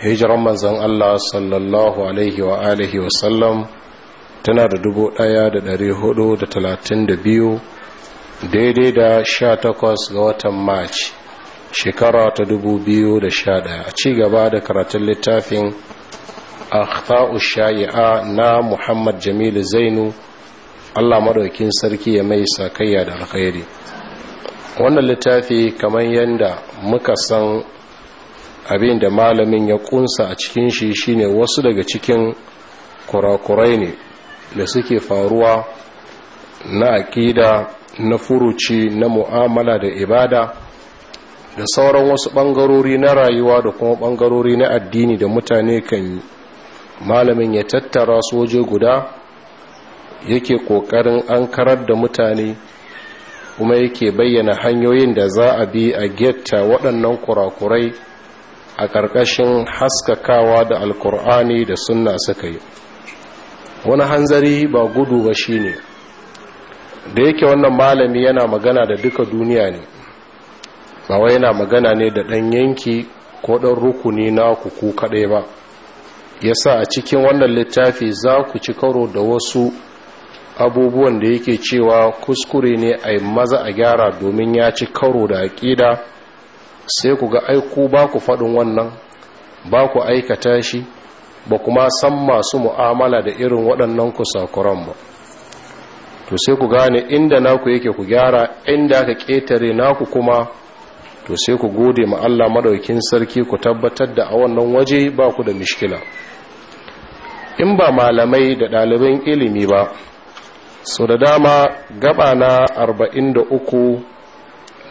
hijiran manzan Allah sallallahu alaihi wa alihi wa sallam tana da dubu ɗaya da ɗari hudu da talatin da biyu daidai da sha takwas ga watan march shekara ta dubu biyu da sha ɗaya a cigaba da karatun littafin akhtau shayi'a na muhammad jamilu zainu Allah maɗaukin sarki ya mai sakayya da alkhairi wannan littafi kamar yadda muka san abin da malamin ya kunsa a cikin shi shine wasu daga cikin kurakurai ne da suke faruwa na aƙida na furuci na mu'amala da ibada da sauran wasu ɓangarori na rayuwa da kuma ɓangarori na addini da mutane kan yi malamin ya tattara soje guda yake ƙoƙarin an karar da mutane kuma yake bayyana hanyoyin da za a bi a getta waɗannan kurakurai a ƙarƙashin haskakawa da alkur'ani da sunna suka yi wani hanzari ba gudu ba shi ne. da yake wannan malami yana magana da duka duniya ne ba wai yana magana ne da ɗan yanki ko ɗan rukuni na kuku kaɗai ba yasa a cikin wannan littafi za ku ci karo da wasu abubuwan da yake cewa kuskure ne a maza a gyara domin ya ci karo da aƙida sai ku ga aiku ba ku faɗin wannan ba ku aikata shi ba kuma san masu mu'amala da irin waɗannan ku sakuran ba to sai ku gane inda naku yake ku gyara inda aka ƙetare naku kuma to sai ku gode ma Allah madaukin sarki ku tabbatar da a wannan waje ba ku da mishkila in ba malamai da ɗaliban ilimi ba Sau da dama gaba na uku.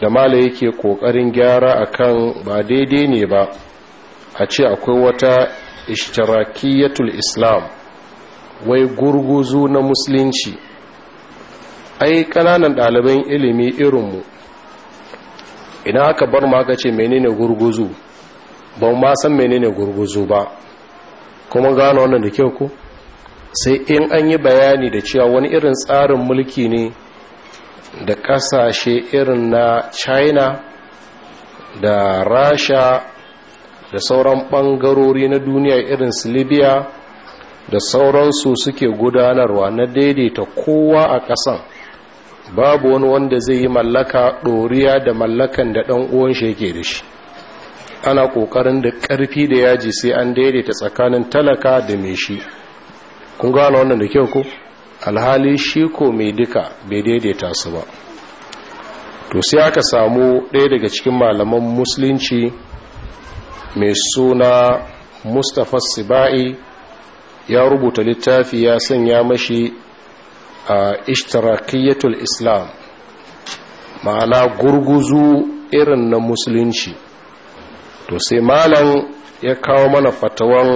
da mala yake kokarin gyara akan ba daidai ne ba a ce akwai wata ishtirakiyatul islam wai gurguzu na musulunci ai kananan ɗaliban ilimi irinmu ina aka bar ma aka ce menene gurguzu ba ma san menene gurguzu ba kuma gano wannan da kyau ko sai in an yi bayani da cewa wani irin tsarin mulki ne da kasashe irin na china da rasha da sauran bangarori na duniya irin su libya da sauransu suke gudanarwa na daidaita kowa a kasan, babu wani wanda zai yi mallaka ɗoriya da mallakan da ɗan uwan shi yake da shi ana ƙoƙarin da ƙarfi da yaji sai an daidaita tsakanin talaka da mai shi kun gano wannan da kyau ko alhali shi ko mai duka bai daidaita su ba to sai aka samu ɗaya daga cikin malaman musulunci mai suna mustapha sibai ya rubuta littafi ya sanya mashi a ishtirakiyatul islam ma'ana gurguzu irin na musulunci to sai malam ya kawo mana fatawan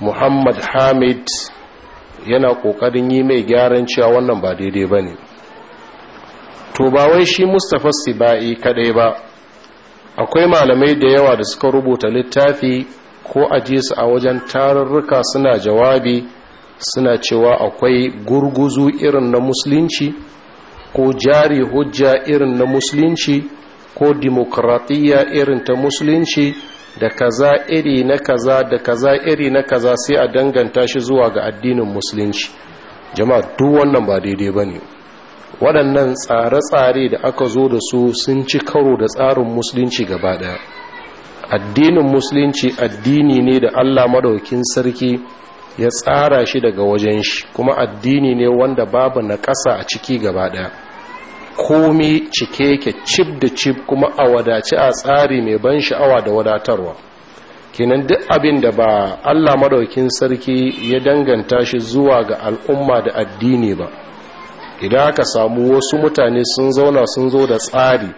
muhammad hamid yana kokarin yi mai gyaran cewa wannan ba daidai ba ne to ba wai shi mustapha sibai kadai ba akwai malamai da yawa da suka rubuta littafi ko aje su a wajen tarurruka suna jawabi suna cewa akwai gurguzu irin na musulunci ko jari hujja irin na musulunci ko dimokuraɗiyya irin ta musulunci da kaza iri na kaza da kaza iri na kaza sai a danganta shi zuwa ga addinin musulunci jama'a duk wannan ba daidai bane ne waɗannan tsare-tsare da aka zo da su sun ci karo da tsarin musulunci gaba ɗaya addinin musulunci addini ne da allah madaukin sarki ya tsara shi daga wajen shi kuma addini ne wanda babu na ƙasa a ciki gaba ɗaya komi cike ke cib da cib kuma a wadaci a tsari mai ban sha'awa da wadatarwa kenan duk abin da ba allah maɗaukin sarki ya danganta shi zuwa ga al'umma da addini ba idan aka samu wasu mutane sun zauna sun zo da tsari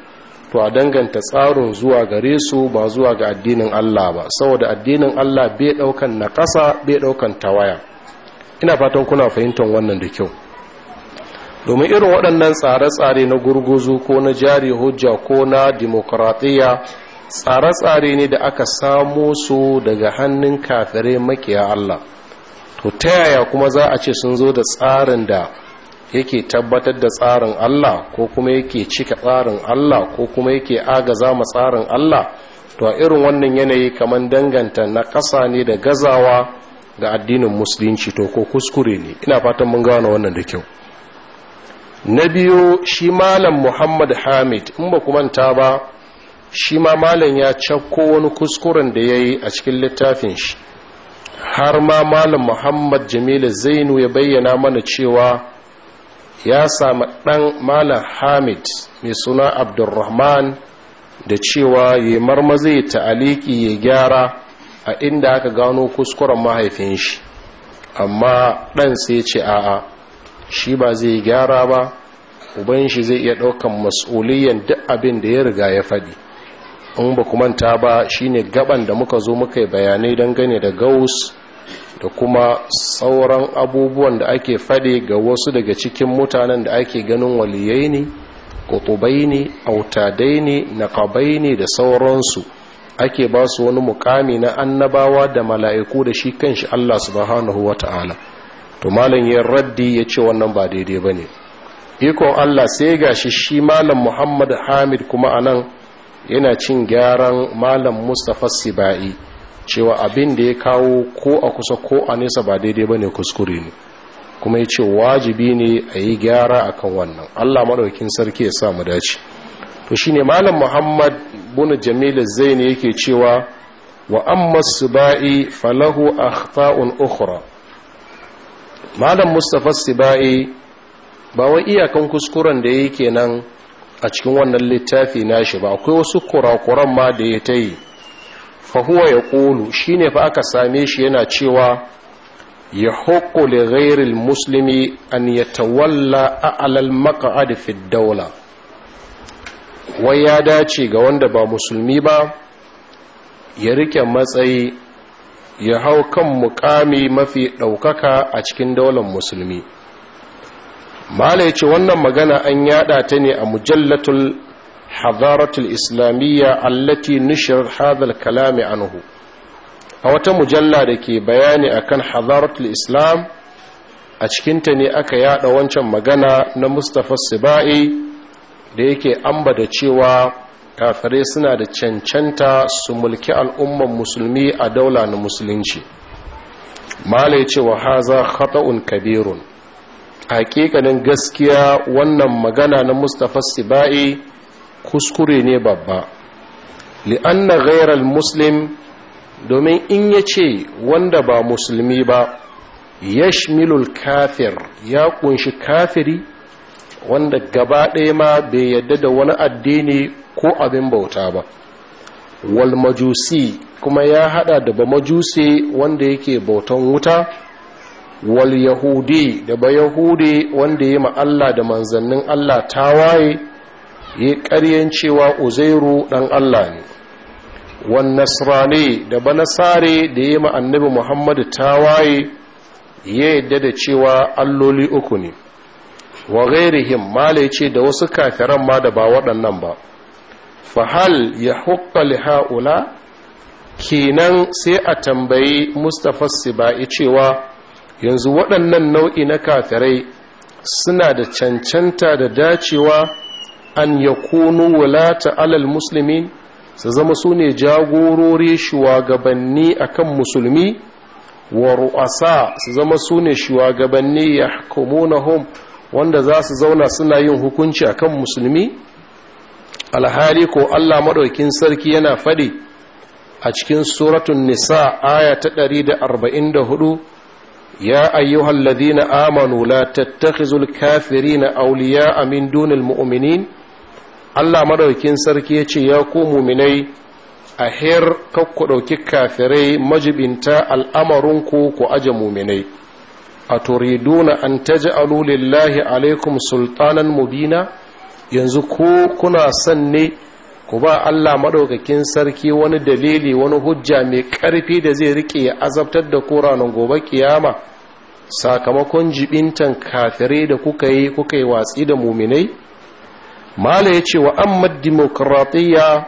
to a danganta tsarin zuwa gare su ba zuwa ga addinin allah ba saboda addinin allah bai ɗaukan na bai ɗaukan tawaya ina fatan kuna fahimtar wannan da kyau domin irin waɗannan tsare-tsare na gurguzu ko na jari hujja ko na demokratiya tsare-tsare ne da aka samo su daga hannun kafirai makiya Allah to ta yaya kuma za a ce sun zo da tsarin da yake tabbatar da tsarin Allah ko kuma yake cika tsarin Allah ko kuma yake agaza ma tsarin Allah to a irin wannan yanayi kamar danganta na ƙasa ne da gazawa ga addinin musulunci to ko kuskure ne ina fatan mun gano wannan da kyau na biyu shi malam muhammad hamid in ba manta ba shi ma malam ya cakko wani kuskuren da ya yi a cikin littafin shi har ma malam muhammad jamilu zainu ya bayyana mana cewa ya sami ɗan malam hamid mai suna abdurrahman da cewa ya marmaze ta aliki ya gyara a inda aka gano kuskuren mahaifin shi amma ɗan sai ce a'a shi ba zai gyara ba uban shi zai iya ɗaukan mas'uliyan duk abin da ya riga ya faɗi in ba ku manta ba shine gaban da muka zo muka yi bayanai gane da gaus da kuma sauran abubuwan da ake faɗi ga wasu daga cikin mutanen da ake ganin waliyai ne kutubai ne autadai ne naƙabai ne da sauransu ake ba su wani mukami na annabawa da mala'iku da shi kanshi Allah subhanahu wata'ala to malam ya raddi ya ce wannan ba daidai ba ne ikon allah sai ga shi shi malam muhammad hamid kuma a nan yana cin gyaran malam mustapha sibai cewa abin da ya kawo ko a kusa ko a nesa ba daidai ba ne kuskure ne kuma ya ce wajibi ne a yi gyara a kan wannan allah maɗaukin sarki ya sa mu dace to shi ne malam muhammad Buna jamilu zaini yake cewa wa amma sibai falahu akhta'un ukhra malam mustapha sibai ba wa iyakan kuskuren da ya nan a cikin wannan littafi na shi ba akwai wasu kurakuran ma da ya ta yi fahuwa ya ƙolu shi ne fa aka same shi yana cewa ya hukku li ghairil muslimi an ya tawalla a'alal maka fi daula wai ya dace ga wanda ba musulmi ba ya rike matsayi ya hau kan mukami mafi ɗaukaka a cikin daular musulmi mala ya ce wannan magana an yada ta ne a mujallatul hadaratul islamiyya allati nushir hadal kalami anhu a wata mujalla da ke bayani akan hadaratul islam a cikinta ne aka yada wancan magana na mustapha sibai da yake amba da cewa kafirai suna da cancanta su mulki al'umman musulmi a daula na musulunci mala ya ce wa haza khata'un kabirun hakikanin gaskiya wannan magana na mustapha sibai kuskure ne babba li'anna ghairal muslim domin in ya ce wanda ba musulmi ba yashmilul kafir ya kunshi kafiri wanda gaba ɗaya ma bai yadda da wani addini ko abin bauta ba wal majusi kuma ya hada da ba majusi wanda yake bautan wuta wal yahudi da ba yahudi wanda ya Allah da manzannin Allah ta waye ya karyan cewa uzairu ɗan Allah ne wal nasrani da ba nasare da ya annabi muhammadu ta waye ya yadda da cewa alloli uku ne wa gairihim mala ce da wasu kafiran ma da ba waɗannan ba fahal ya hukka ha'ula kenan sai a tambayi mustapha sibai cewa yanzu waɗannan nau'i na kafirai suna da cancanta da dacewa an ya kunu wulata alal musulmi su zama su ne jagorori shugabanni a kan musulmi wa ru'asa su zama su ne shugabanni ya wanda za su zauna suna yin hukunci a kan musulmi alhali ko Allah maɗaukin sarki yana faɗi a cikin suratun nisa aya ta 144 ya ayyuhal ladhina amanu la tattakhizul kafirina awliya'a min dunil mu'minin Allah maɗaukin sarki ya ce ya ku muminai a her kakku ɗauki kafirai majibinta al'amarinku ku aje muminai a turiduna an ji lillahi alaikum sultanan mubina yanzu ko kuna son ne ku ba Allah maɗaukakin sarki wani dalili wani hujja mai ƙarfi da zai riƙe ya azabtar da ku gobe kiyama sakamakon jibintan kafirai da kuka yi kuka yi watsi da muminai mala ya ce wa amma dimokuraɗiyya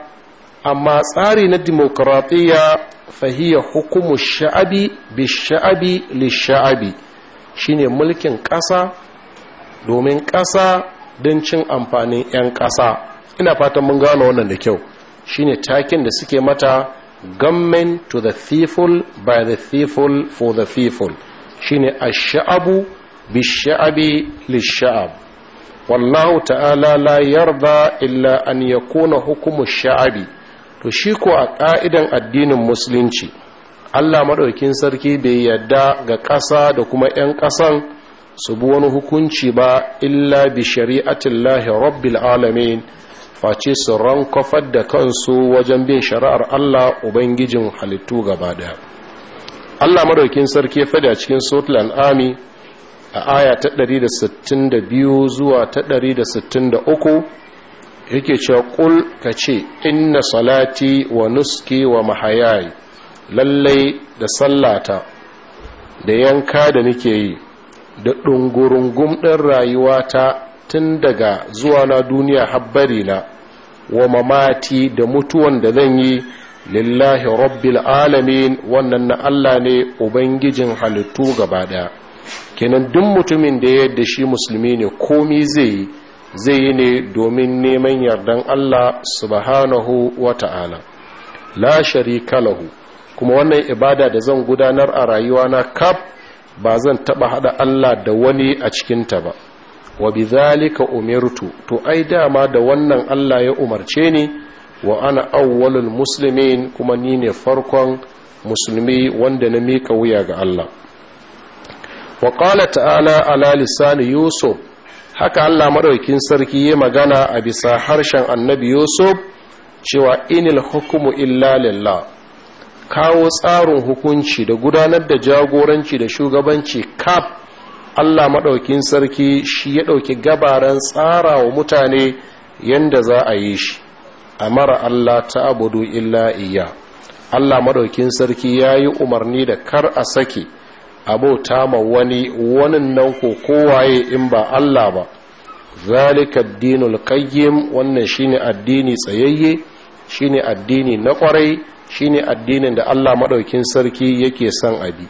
amma tsari na dimokuraɗiyya fahiyya hukumu sha'abi bi sha'abi li sha'abi shine mulkin ƙasa domin ƙasa don cin amfanin 'yan ƙasa ina fatan mun gano wannan da kyau shine takin da suke mata government to the thieful by the thieful for the thieful shine ash-sha'abu bish-sha'abi lish-sha'ab wallahu ta'ala la yarda illa an yakuna hukumu sha'abi to shi ko a ka'idan addinin musulunci Allah maɗaukin sarki bai yadda ga ƙasa da kuma 'yan ƙasan su bi wani hukunci ba illa bi shari'atin lahi rabbil alamin face su rankofar da kansu wajen bin shari'ar Allah Ubangijin halittu gaba daya Allah madaukin sarki fada cikin Sotul Ami a aya ta 162 zuwa ta 163 yake cewa kul ka ce inna salati wa nuski wa mahayayi lallai da sallata da yanka da nake yi da ɗungurungun ɗin rayuwata tun daga zuwa na duniya habbari na wa mamati da mutuwan da zan yi lillahi rabbil alamin wannan na Allah ne ubangijin halittu gaba ɗaya. kenan duk mutumin da yadda shi musulmi ne komi zai zai yi ne domin neman yardan Allah subhanahu wa ta'ala la sharika lahu kuma wannan ibada da zan gudanar a rayuwa na kaf ba zan taɓa haɗa Allah da wani a cikinta ba wa bi zalika umirtu to ai dama da wannan Allah ya umarce ni wa ana awwalul muslimin kuma ni ne farkon musulmi wanda na mika wuya ga Allah wa qala ta'ala ala lisani yusuf haka Allah madaukin sarki ya magana a bisa harshen annabi yusuf cewa inil hukmu illa lillah kawo tsarin hukunci da gudanar da jagoranci da shugabanci kaf allah maɗaukin sarki shi ya ɗauki gabaran tsara wa mutane yadda za a yi shi a mara allah ta abudu illa iya allah maɗaukin sarki ya yi umarni da kar a sake abota ma wani wanin nan ko kowaye in ba allah ba zalika dinul qayyim wannan shine addini tsayayye shine addini na kwarai Shi ne addinin da Allah maɗaukin sarki yake son abi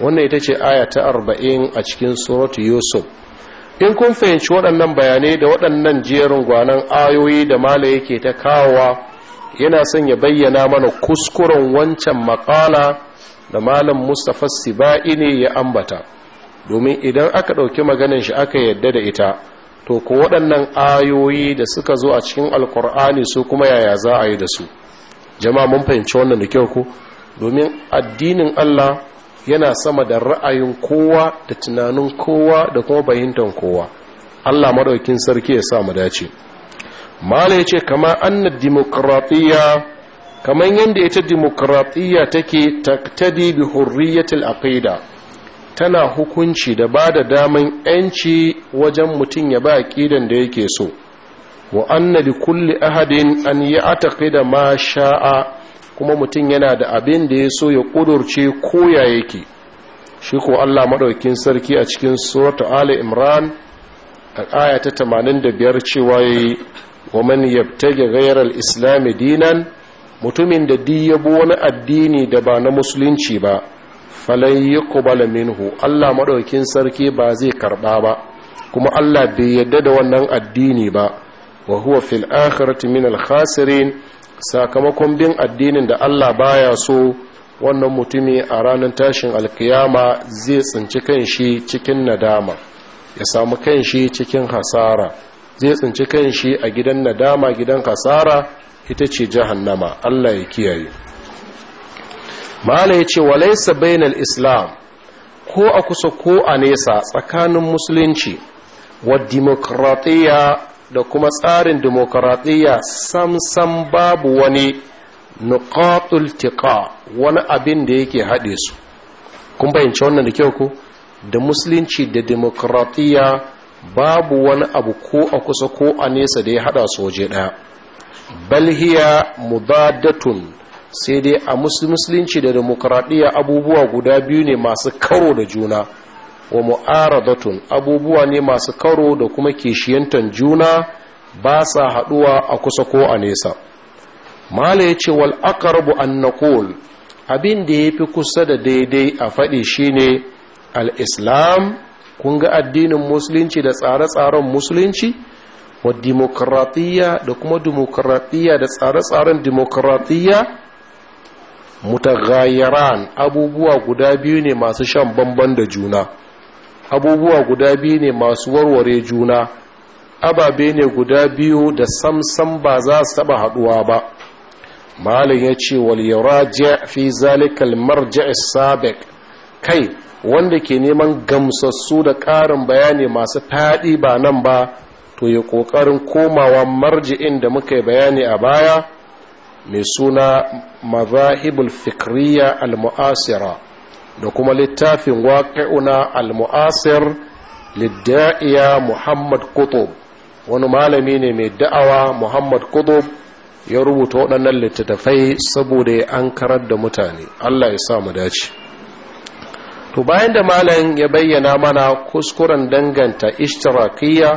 wannan ita ce aya ta arba'in a cikin suratu yusuf in kun fahimci waɗannan bayanai da waɗannan jerin gwanan ayoyi da mala yake ta kawowa yana son ya bayyana mana kuskuren wancan makala da malam mustapha siba'i ne ya ambata domin idan aka ɗauki maganin shi aka yadda da ita to ko waɗannan ayoyi da suka zo a cikin alkur'ani su kuma yaya za a yi da su jama'a mun fahimci wannan da kyau ko domin addinin Allah yana sama da ra'ayin kowa da tunanin kowa da kuma bayyantan kowa Allah madaukin sarki ya sa mu dace mala yace kamar anna demokratiya kaman yanda ita demokratiya take taktadi bi hurriyatil aqida tana hukunci da bada daman yanci wajen mutum ya ba aqidan da yake so wa anna li kulli ahadin an ya'taqida ma sha'a kuma mutum yana da abin da ya so ya kudurce koya yake shi ko Allah maɗaukin sarki a cikin suratu ali imran a aya ta 85 cewa yayi wa man yabtaji ghayra al dinan mutumin da diyabo yabo wani addini da ba na musulunci ba Falai yuqbal minhu Allah maɗaukin sarki ba zai karɓa ba kuma Allah bai yadda da wannan addini ba wa huwa fil akhirati min al khasirin sakamakon bin addinin da Allah baya so wannan mutumi a ranar tashin alkiyama zai tsinci kanshi cikin nadama ya samu kanshi cikin hasara zai tsinci kanshi a gidan nadama gidan hasara ita ce jahannama Allah ya kiyaye malai ya ce walaisa bainal islam ko a kusa ko a nesa tsakanin musulunci wa dimokuraɗiyya da kuma tsarin demokaratiyya samsam babu wani nukatul wani abin da yake haɗe su kun bayanci wannan da kyau ku? da musulunci da demokaratiyya babu wani abu ko a kusa ko a nesa da ya haɗa su waje ɗaya balhiya mudadatun sai dai a musulunci da demokaratiyya abubuwa guda biyu ne masu karo da juna wa mu'aradatun abubuwa ne masu karo da kuma kishiyantan juna ba sa haɗuwa a kusa ko a nesa mala ya ce wal aqrabu an naqul abin da yafi kusa da daidai a faɗi shine al islam kun ga addinin musulunci da tsare-tsaren musulunci wa dimokuraɗiyya da kuma dimokuraɗiyya da tsare-tsaren dimokuraɗiyya mutaghayiran abubuwa guda biyu ne masu shan bamban da juna abubuwa guda biyu ne masu warware juna ababe ne guda biyu da samsam ba za su taba haduwa ba malin ya ce wal yaraji fi zalikal marji' sabiq kai wanda ke neman gamsassu da ƙarin bayani masu faɗi ba nan ba to ya ƙoƙarin komawa marji'in da muka yi bayani a baya mai suna mazahibul fikriya al-mu'asira da kuma littafin waƙi'una al-mu'asir lidda'iya muhammad kutub wani malami ne mai da'awa muhammad kutub ya rubuta waɗannan littattafai saboda ya an karar da mutane allah ya sa mu dace to bayan da malam ya bayyana mana kuskuren danganta ishtirakiyya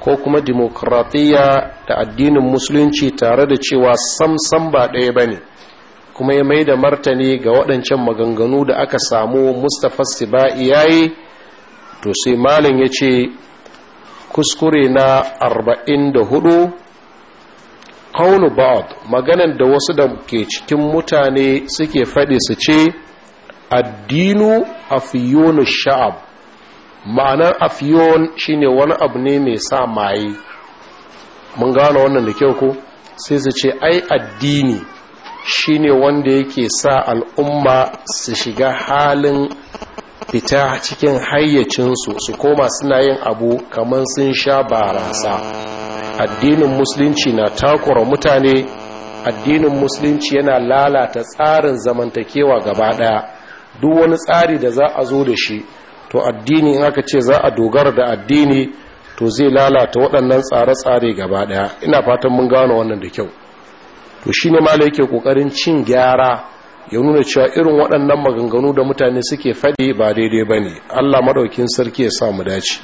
ko kuma dimokuraɗiyya da addinin musulunci tare da cewa sam sam ba ɗaya ba ne kuma ya mai da martani ga waɗancan maganganu da aka samu mustapha siba'i ya yi to sai malin ya ce kuskure na 44 kaunu ba'ad maganan da wasu da ke cikin mutane suke faɗi su ce addinu afiyonu sha'ab ma'anar afiyon shine wani abu ne mai sa maye mun gano wannan da kyau ko sai su ce ai addini shine wanda yake sa al'umma su shiga halin fita cikin hayyacinsu su koma suna yin abu kamar sun sha barasa addinin musulunci na takura mutane addinin musulunci yana lalata tsarin zamantakewa gaba daya duk wani tsari da za a zo da shi to addini in aka ce za a dogara da addini to zai lalata waɗannan tsare-tsare gaba daya ina fatan mun gano wannan da kyau to shi ne mala yake ƙoƙarin cin gyara ya nuna cewa irin waɗannan maganganu da mutane suke faɗi ba daidai ba ne allah maɗaukin sarki ya sa mu dace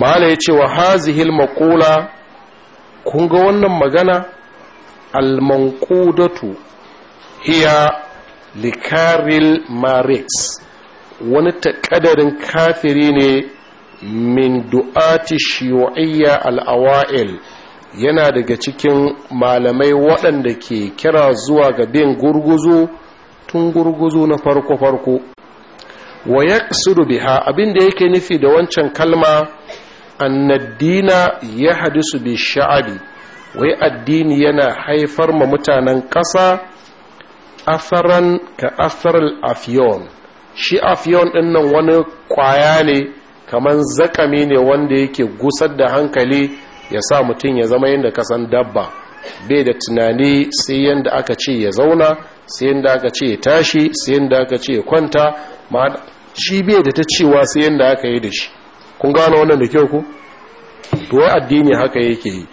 mala ya ce wa hazihil maƙula kun ga wannan magana almanƙudatu hiya likaril maris wani taƙadarin kafiri ne min du'ati shiwa'iyya al'awa'il yana daga cikin malamai waɗanda ke kira zuwa ga bin gurguzu tun gurguzu na farko-farko wa ya biha abinda yake nufi da wancan kalma annaddina ya hadisu bi sha'abi wai addini yana haifar ma mutanen ƙasa asaran ka asarar afiyon shi afiyon ɗin nan wani ƙwaya ne kamar zakami ne wanda yake gusar da hankali ya sa mutum ya zama yadda kasan dabba bai da tunani sai yadda aka ce ya zauna sai yadda aka ce ya tashi sai yadda aka ce ya kwanta shi bai da ta cewa sai yadda aka yi da shi kun gano wannan da kyau ku duwa addini haka yake yi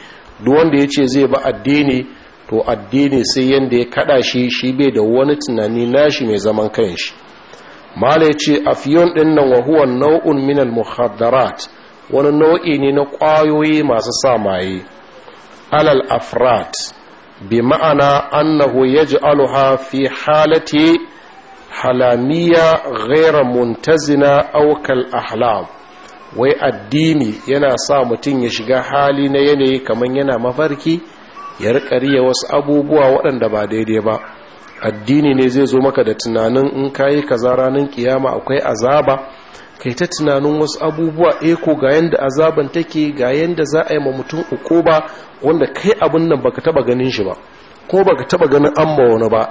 wanda ya ce zai ba addini to addini sai yadda ya kada shi shi bai da wani tunani nashi mai zaman kanshi mala ya ce afiyon ɗin nan wahuwan nau'un minal muhaddarat wani nau'i ne na ƙwayoyi masu samaye. alal afrat bi ma'ana annahu aluha fi halati halamiya ghaira muntazina aukal ahlam wai addini yana sa mutum ya shiga hali na yanayi kamar yana mafarki ya ya wasu abubuwa waɗanda ba daidai ba addini ne zai zo maka da tunanin in kayi kaza ranar kiyama akwai azaba kai ta tunanin wasu abubuwa eko eh ga yadda azaban take ga yadda za a yi ma mutum uku ba wanda kai abin nan baka taba ganin shi ba ko baka taba ganin an ba wani ba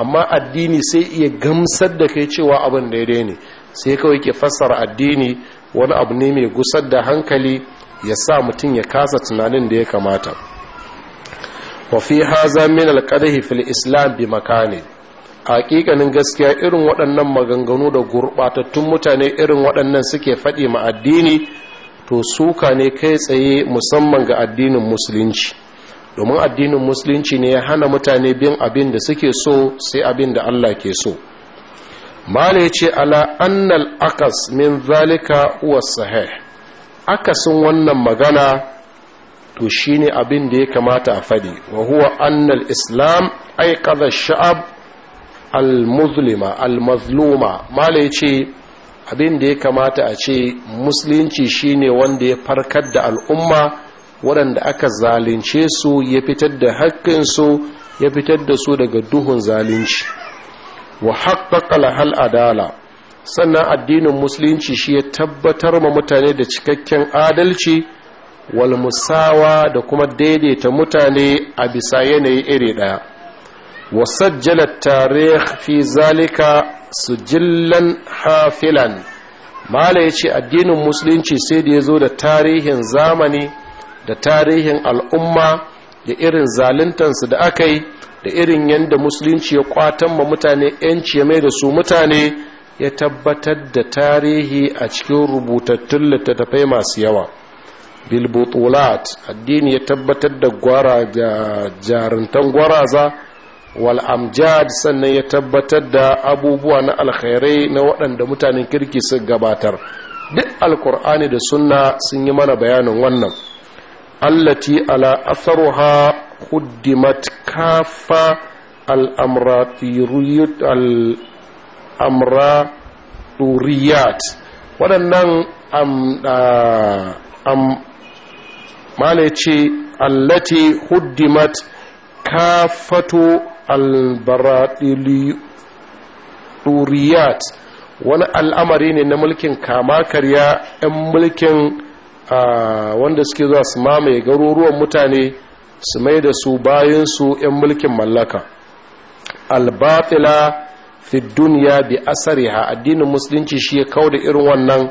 amma addini sai iya gamsar da kai cewa abin daidai ne sai kawai ke fassara addini wani abu ne mai gusar da hankali ya sa mutum ya kasa tunanin da ya kamata wa fi haza min alqadhi fil islam bi makani hakikanin gaskiya irin waɗannan maganganu da gurɓatattun mutane irin waɗannan suke faɗi ma addini to suka ne kai tsaye musamman ga addinin musulunci domin addinin musulunci ne ya hana mutane bin abin da suke so sai abin da Allah ke so mala ya ce ala annal akas min zalika huwa akasin wannan magana to shine abin da ya kamata a faɗi wa huwa annal islam aiqadha sha'ab al-muzlima al mala ya ce abin da ya kamata a ce musulunci shine wanda ya farkar da al'umma waɗanda aka zalunce su ya fitar da haƙƙinsu ya fitar da su daga duhun zalunci wa haƙƙaƙa lahal adala sannan addinin musulunci shi ya tabbatar ma mutane da cikakken adalci wal musawa da kuma daidaita mutane a bisa yanayi iri ɗaya وسجل التاريخ في ذلك سجلا حافلا mala ya ce addinin musulunci sai da ya zo da tarihin zamani da tarihin al'umma da irin zaluntansu da aka yi da irin yadda musulunci ya kwatan ma mutane yanci ya mai da su mutane ya tabbatar da tarihi a cikin rubutattun littattafai masu yawa bilbotulat addini ya tabbatar da jarintan gwaraza wal amjad sannan ya tabbatar da abubuwa na alkhairai na waɗanda mutanen kirki sun gabatar duk alkur'ani da sunna sun yi mana bayanin wannan allati ala asaruha huddimat kafa al'amraturiyat waɗannan mala ce allati huddimat kafato al wani al'amari ne na mulkin kama karya 'yan mulkin wanda suke zuwa su mamaye garuruwan mutane su mai da su bayansu 'yan mulkin mallaka albatila fi duniya bi asariha addinin musulunci shi ya kawo da irin wannan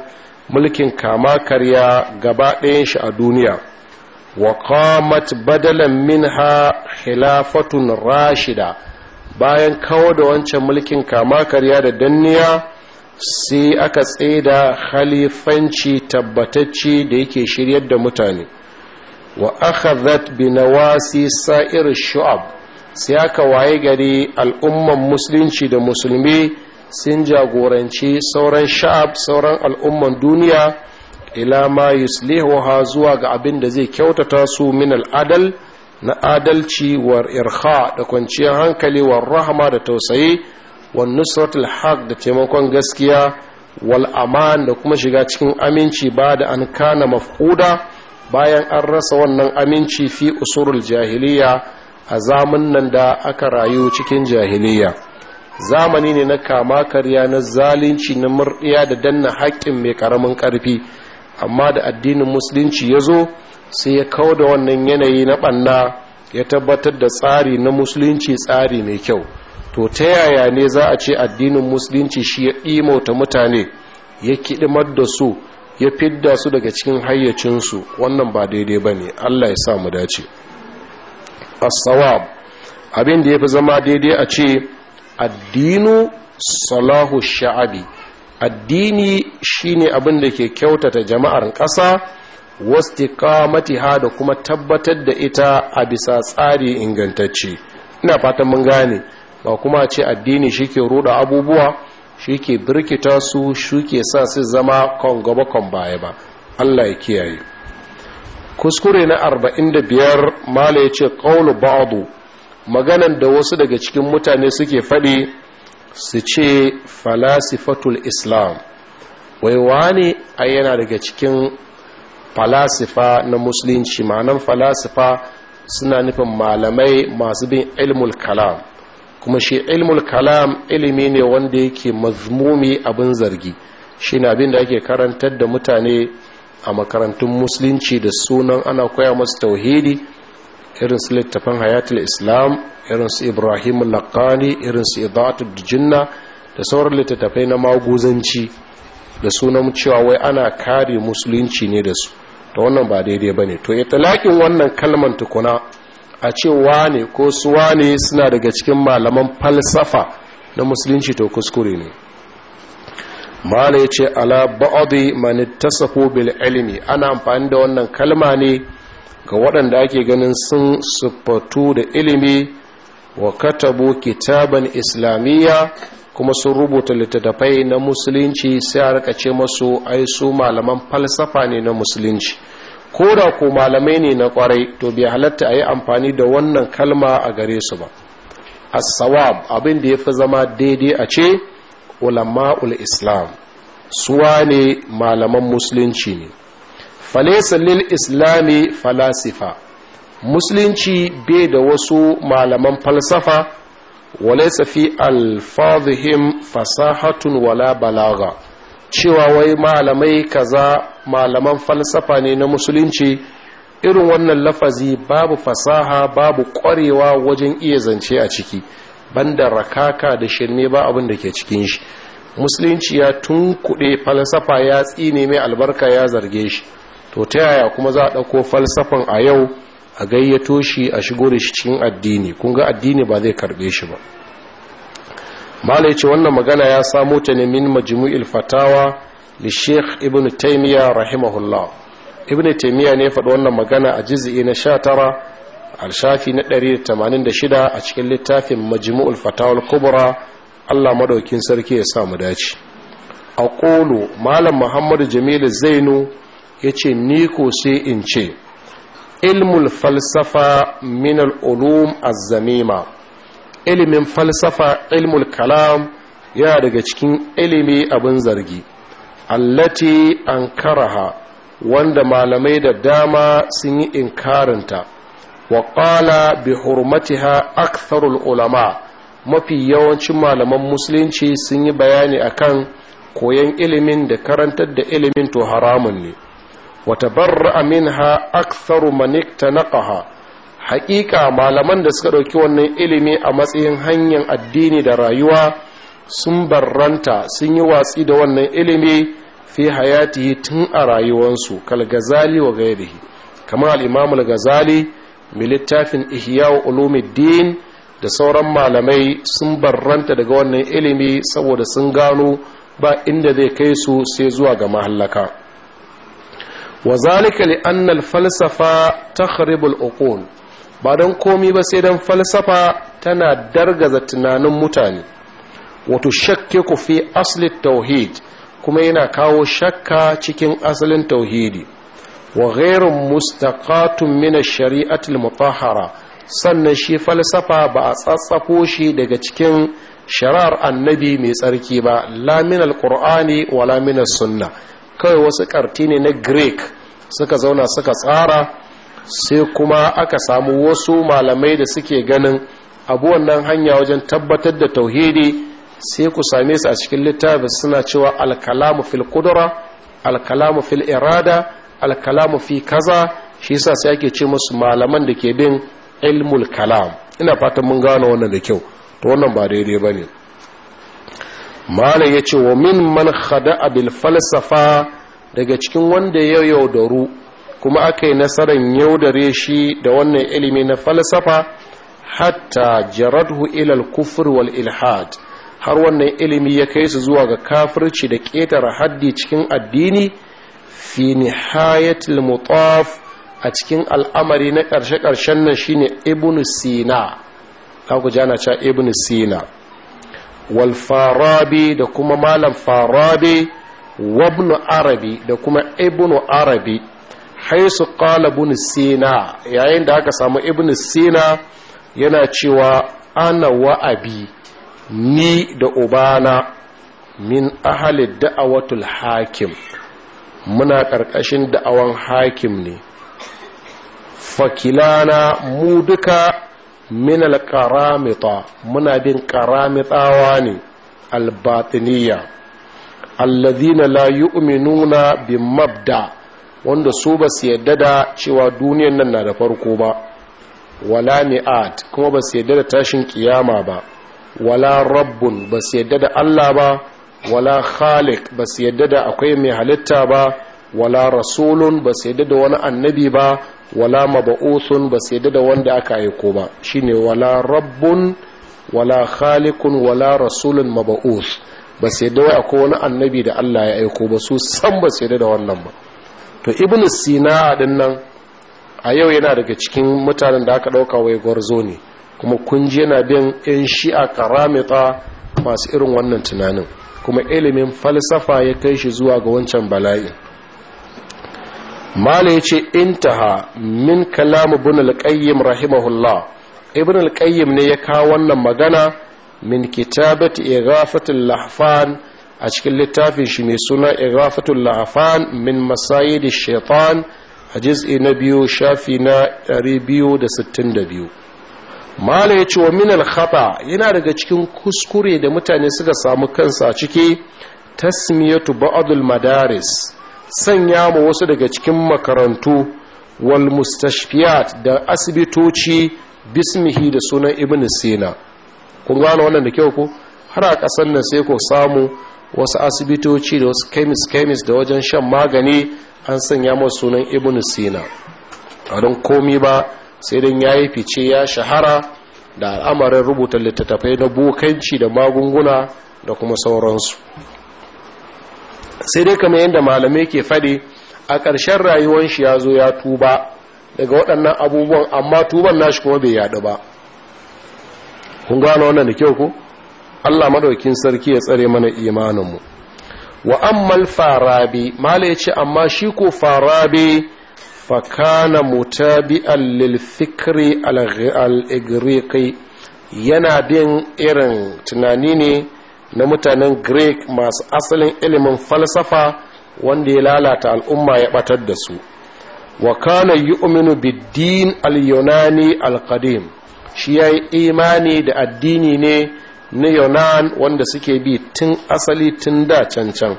mulkin kama karya gaba ɗayan shi a duniya وقامت بدلا منها خلافة rashida bayan kawo da wancan mulkin kama karya da danniya sai aka tsaida khalifanci tabbatacci da yake shiryar da mutane wa akhadhat bi nawasi sa'ir shu'ab sai aka waye gari al'umman musulunci da musulmi sun jagoranci sauran sha'ab sauran al'umman duniya ila ma yuslihuha zuwa ga abin da zai kyautata su min al'adal na adalci wa irha da kwanciyar hankali wa rahama da tausayi wa nusratul haq da taimakon gaskiya wal aman da kuma shiga cikin aminci ba da an kana mafquda bayan an rasa wannan aminci fi usurul jahiliya a zamanin nan da aka rayu cikin jahiliya zamani ne na kama karya na zalunci na murdiya da danna haƙƙin mai ƙaramin ƙarfi amma da addinin musulunci ya zo sai ya kawo da wannan yanayi na ɓanna ya tabbatar da tsari na musulunci tsari mai kyau to ta yaya ne za a ce addinin musulunci shi ya ɗimauta mutane ya kiɗimar da su ya fidda su daga cikin hayyacinsu wannan ba daidai ba ne allah ya sa mu dace asawab abinda abin da ya fi zama daidai a ce addinu salahu sha'abi addini shine abin da ke kyautata jama'ar ƙasa matiha da kuma tabbatar da ita a bisa tsari ingantacce ina fatan mun gane ba kuma ce addini shi ke ruda abubuwa shi ke birkita su shi ke sa su zama kan gaba kan baya ba Allah ya kiyaye kuskure na 45 mala ce qawlu ba'adu maganan da wasu daga cikin mutane suke faɗi su ce falasifatul islam wai a yana daga cikin falasifa na musulunci ma'anan falasifa suna nufin malamai masu bin ilmul kalam kuma shi ilmul kalam ilimi ne wanda yake mazmumi abin zargi shi na abin da ake karantar da mutane a makarantun musulunci da sunan ana koya masu tauhidi irin su littafin hayatul islam irin su ibrahim lakani irin su idatu jinna da sauran littattafai na maguzanci da sunan cewa wai ana kare musulunci ne da su ta wannan ba daidai ba ne to italakin wannan kalman tukuna a ce wane ko su wane suna daga cikin malaman falsafa na musulunci to kuskure ne mana ya ce ala ba'adi mani tasafo ilimi ana amfani da wannan kalma ne ga waɗanda ake ganin sun siffatu da ilimi wa katabu kitaban islamiyya kuma sun rubuta littattafai na musulunci sai a rika ce masu ai su malaman falsafa ne na musulunci ko da ko malamai ne na kwarai to bai halatta a yi amfani da wannan kalma a gare su ba asawab abin da ya fi zama daidai a ce ulama ul islam suwa ne malaman musulunci ne falesa lil islami falasifa musulunci bai da wasu malaman falsafa walaisa fi alfazihim fasahatun wala balaga cewa wai malamai kaza malaman falsafa ne na musulunci irin wannan lafazi babu fasaha babu kwarewa wajen iya zance a ciki banda rakaka da shirme ba abin da ke cikin shi musulunci ya tun tunkuɗe falsafa ya tsine mai albarka ya zarge shi to ta yaya kuma za a ɗauko falsafan a yau a gayyato shi a shigo da shi cikin addini kun ga addini ba zai karɓe shi ba mala ya ce wannan magana ya samo ta ne min majmu'il fatawa li sheikh ibn taymiya rahimahullah ibn taymiya ne faɗi wannan magana a jizi'i na 19 al-shafi na ɗari da da shida a cikin littafin majmu'ul fatawa al-kubra Allah madaukin sarki ya sa mu dace aqulu malam muhammad jamil zainu ya ce ni ko sai in ce ilmul falsafa minal ulum azzamima ilimin falsafa ilmul kalam ya daga cikin ilimi abin zargi allati an karaha wanda malamai da dama sun yi inkarinta wa ƙala bi hurmatiha aktharul ulama mafi yawancin malaman musulunci sun yi bayani akan koyan ilimin da karantar da ilimin to haramun ne wata ha minha aktharu man iktanaqaha haƙiƙa malaman da suka ɗauki wannan ilimi a matsayin hanyar addini da rayuwa sun barranta sun yi watsi da wannan ilimi fi hayati tun a rayuwansu kal gazali wa gairihi kamar al-imam al-gazali milittafin littafin ihya ulumuddin da sauran malamai sun barranta daga wannan ilimi saboda sun gano ba inda zai kai su sai zuwa ga mahallaka wa zalika falsafa takhribul uqul ba don komi ba sai dan falsafa tana dargaza tunanin mutane wato shakke ku fi asli tauhid kuma yana kawo shakka cikin asalin tauhidi wa ghairun mustaqatun mina shari'atul shariati sannan shi falsafa ba a tsatsafo shi daga cikin shari'ar annabi mai tsarki ba laminal min al-qur'ani wa la min kawai wasu karti ne na greek suka zauna suka tsara sai kuma aka samu wasu malamai da suke ganin abu wannan hanya wajen tabbatar da tauhidi sai ku same su a cikin littafi suna cewa alkalamu fil kudura alkalamu fil irada alkalamu fi kaza shi sa sai ake ce musu malaman da ke bin ilmul kalam ina fatan mun gano wannan da kyau to wannan ba daidai bane malam ya ce wa min man khada'a abin falsafa daga cikin wanda ya yaudaru kuma aka yi nasarar yaudare shi da wannan ilimi na falsafa hatta jaradhu ilal kufur wal ilhad har wannan ilimi ya kai su zuwa ga kafirci da ƙetare haddi cikin addini fi nihayatil mutaf a cikin al'amari na ƙarshe karshen nan shine ibn sina ta ku jana cha ibn sina wal da kuma malam farabi wabnu arabi da kuma ibnu arabi haisu qala sina yayin da aka samu ibn sina yana cewa ana wa'abi ni da ubana min ahli da'awatul hakim muna ƙarƙashin da'awan hakim ne fakilana mu duka min alƙaramita muna bin ƙaramitawa ne albatiniya allazina la yu'minuna bi mabda wanda su ba su yadda da cewa duniyan nan na da farko ba wala mi'at kuma ba su yadda da tashin kiyama ba wala rabbun ba su yadda da Allah ba wala khaliq ba su yadda da akwai mai halitta ba wala rasulun ba su yadda da wani annabi ba wala maba'usun ba sai da wanda aka aiko ba shine wala rabbun wala khaliqun wala rasulun maba'us ba sai da wai akwai wani annabi da Allah ya aiko ba su san ba sai da wannan ba to ibnu sina din nan a yau yana daga cikin mutanen da aka dauka wai gwarzo ne kuma kunji yana bin yan shi'a karamita masu irin wannan tunanin kuma ilimin falsafa ya kai shi zuwa ga wancan bala'in mala ya ce intaha min kalamu ibn al-qayyim rahimahullah ibn al-qayyim ne ya kawo wannan magana min kitabat ighafatul lahfan a cikin littafin shi mai suna ighafatul lahfan min masayid shaitan a juz'i na biyu shafi na 262 mala ya ce wa min al yana daga cikin kuskure da mutane suka samu kansa ciki tasmiyatu ba'dul madaris sanya ma wasu daga cikin makarantu wal mustashfiyat da asibitoci bismihi da sunan ibn sina kun gano wannan da kyau ko har a ƙasar nan sai ko samu wasu asibitoci da wasu kemis kemis da wajen shan magani an sanya masu sunan ibn sina a don komi ba sai dan yayi fice ya shahara da al'amarin rubuta littattafai na bokanci da magunguna da kuma sauransu sai dai kamar yadda malamai ke faɗi a ƙarshen rayuwar shi ya zo ya tuba daga waɗannan abubuwan amma tuban nashi kuma bai yaɗu ba kun gano wannan da kyau ku Allah madaukin sarki ya tsare mana imaninmu wa ammal farabi mala ya ce amma shi ko farabi fa kana mutabi'an lil fikri al yana bin irin tunani ne na mutanen greek masu asalin ilimin falsafa wanda ya lalata al'umma ya batar da su wa kana yu'minu bid-din al-yunani al-qadim shi yayi imani da addini ne na yunan wanda suke bi tun asali tun da cancan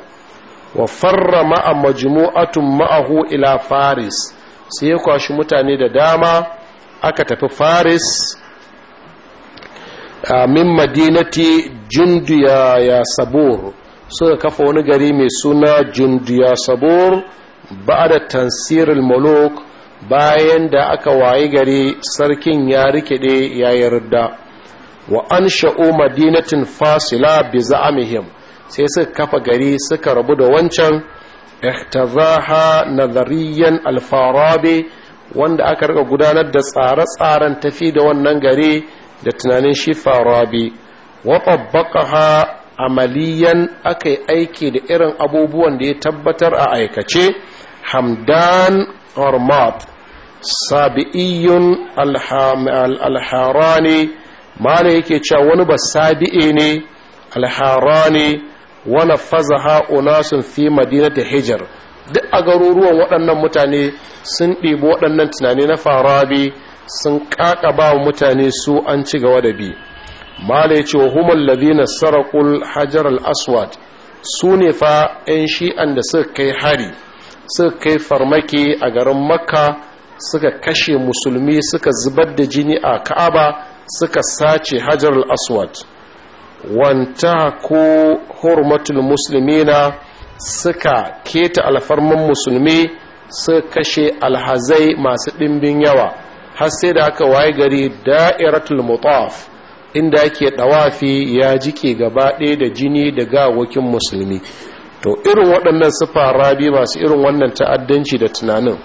wa farra ma'a majmu'atun ma'ahu ila faris sai ya kwashi mutane da dama aka tafi faris min madinati jundiya ya sabur suka kafa wani gari mai suna jundiya sabur ba da tansirin malok bayan da aka wayi gari sarkin ya rikide ya yarda wa an sha'o madinatin fasila bi za'amihim sai suka kafa gari suka rabu da wancan ihtazaha nazariyan alfarabe wanda aka rika gudanar da tsare-tsaren tafi da wannan gari da tunanin shi farabe wa amaliyan aka yi aiki da irin abubuwan da ya tabbatar a aikace hamdan hormat sabi'iyun alharani mana yake cewa wani ba sabi'i ne alharani wani ha unasun fi da hijar duk a garuruwan waɗannan mutane sun ɗibi waɗannan tunani na farabi sun bawa mutane su an ci gaba da bi malai yace wa humar lalina sarakul hajar al aswad su ne fa 'yan shi'an da suka kai hari suka kai farmaki a garin makka suka kashe musulmi suka zubar da jini a ka'aba suka sace hajar al-aswad wanta ko hurmatul musulmi na suka keta alfarman musulmi suka kashe alhazai masu ɗimbin yawa har sai da aka waye gari da'iratul mutaf inda yake dawafi ya jike gaba ɗaya da jini da gawakin musulmi to irin waɗannan sufa rabi masu irin wannan ta'addanci da tunanin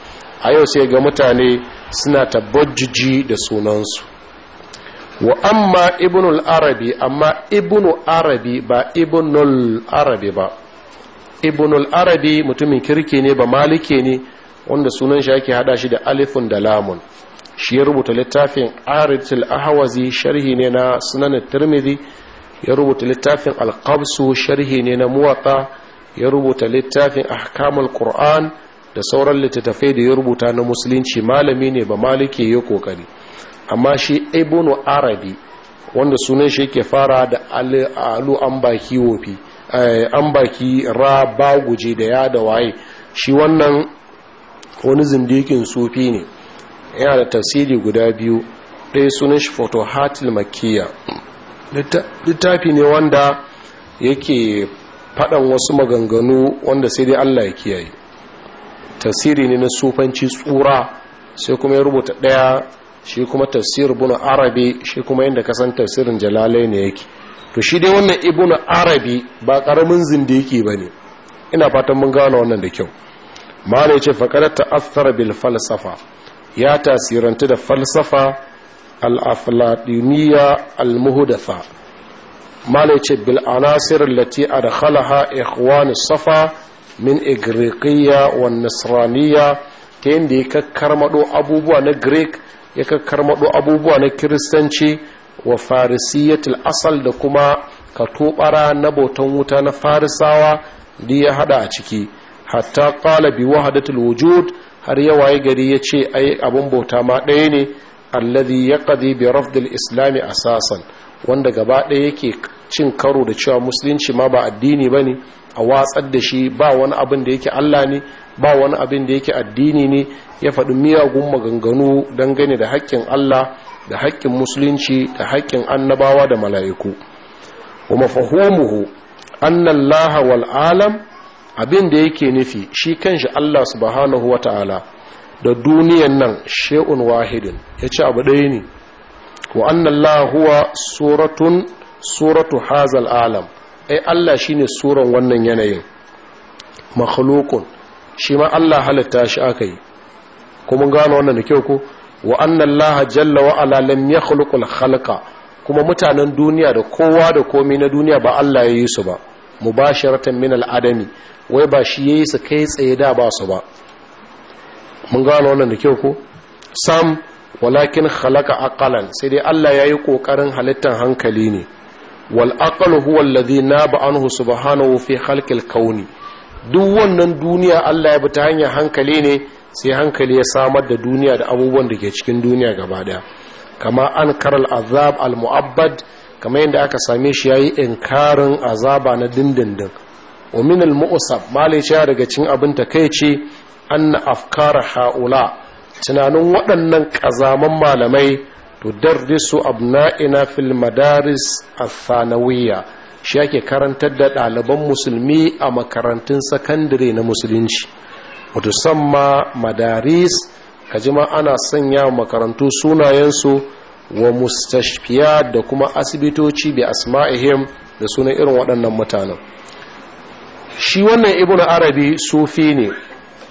a yau sai ga mutane suna tabbajiji da sunansu wa amma ibnul arabi amma ibnu arabi ba ibnul arabi ba ibnul arabi mutumin kirki ne ba malike ne wanda sunan shi ake hada shi da alifun da lamun shi ya rubuta littafin aritul ahwazi sharhi ne na sunanin tirmidhi ya rubuta littafin alkabsu sharhi ne na muwaƙa ya rubuta littafin ahkamul qur'an da sauran littattafai da ya rubuta na musulunci malami ne ba maliki ya kokari amma shi ibnu arabi wanda sunan shi yake fara da alu an baki wofi eh, an baki ra da ya da waye shi wannan wani zindikin sufi ne yana da tafsiri guda biyu ɗaya sunan shi foto hatil makiya littafi ne wanda yake faɗan wasu maganganu wanda sai dai allah ya kiyaye tafsiri ne na sufanci tsura sai kuma ya rubuta ɗaya shi kuma tafsir buna arabi shi kuma ka kasan tafsirin jalalai ne yake to shi dai wannan ibuna arabi ba karamin ba ne ina fatan mun gane wannan da kyau ya ce faqad ta'athara bil falsafa ya tasiranta da falsafa al-aflatiniya al-muhdatha bil anasir lati adkhalaha ikhwan safa min igriqiyya wa nasraniyya ta yadda ya kakkarmado abubuwa na greek ya kakkarmado abubuwa na kiristanci wa farisiyatul asal da kuma katobara na bautan wuta na farisawa da ya hada a ciki hatta qala bi wahdatul wujud har yawa yawaye gari ya ce a yi abin bauta ma ɗaya ne alladhi ƙadi bi rafdil islami sassan wanda gaba ɗaya yake cin karo da cewa musulunci ma ba addini ba ne a watsar da shi ba wani abin da yake Allah ne ba wani abin da yake addini ne ya faɗi miyagun maganganu dangane da haƙƙin Allah da haƙƙin musulunci da haƙƙin annabawa da mala'iku kuma fahimuhu annan alam abin da yake nufi shi kanshi Allah subhanahu ta'ala da duniyan nan she'un wahidin ya ce abu ɗaya ne wa annan lahuwa suratun suratu hazal alam ai Allah shi ne suran wannan yanayin makhlukun shi ma Allah halitta shi aka yi kuma gano wannan da kyau ko wa laha jalla wa ala ya khulukul halka kuma mutanen duniya da kowa da komi na duniya ba Allah ya yi su ba mubasharatan min al-adami wai ba shi ya yi su kai tsaye da ba su ba mun gano wannan da kyau ko sam walakin halaka aqalan sai dai Allah ya yi kokarin halittar hankali ne wal aqalu huwa alladhi naba anhu subhanahu fi khalqil kauni duk wannan duniya Allah ya bi ta hanyar hankali ne sai hankali ya samar da duniya da abubuwan da ke cikin duniya gaba daya kama an karal azab al mu'abbad kamar yadda aka same shi ya yayi inkarin azaba na dindindin wa min al-mu'sab malai cewa daga cikin abin takeici anna afkara haula tunanin waɗannan kazaman malamai to darrisu abna'ina fil madaris athanawiyya shi yake karantar da ɗaliban musulmi a makarantun sakandare na musulunci wato samma madaris kajima ana sanya makarantu sunayensu wa mustashfiya da kuma asibitoci bi asma'ihim da sunan irin waɗannan mutanen shi wannan ibn arabi sufi ne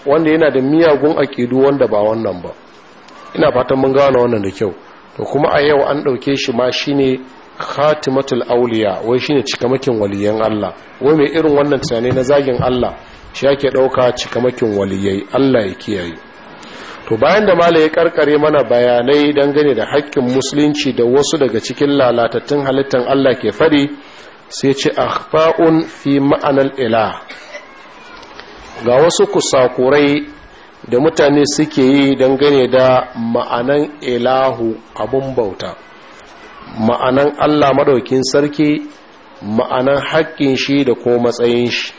wanda yana da miyagun aƙidu wanda ba wannan ba ina fatan mun gane wannan da kyau to kuma a yau an ɗauke shi ma shine khatimatul auliya wai shine cikamakin waliyan Allah wai mai irin wannan tunani na zagin Allah shi yake ɗauka cikamakin waliyai Allah ya kiyaye to bayan da malai ya karkare mana bayanai dangane da haƙƙin musulunci da wasu daga cikin lalatattun halittar Allah ke fari sai ce akhfa'un fi ma'anar ila ga wasu kusakurai da mutane suke yi dangane da ma'anan ilahu abun bauta ma'anan allah maɗaukin sarki ma'anan haƙƙin shi da ko matsayin shi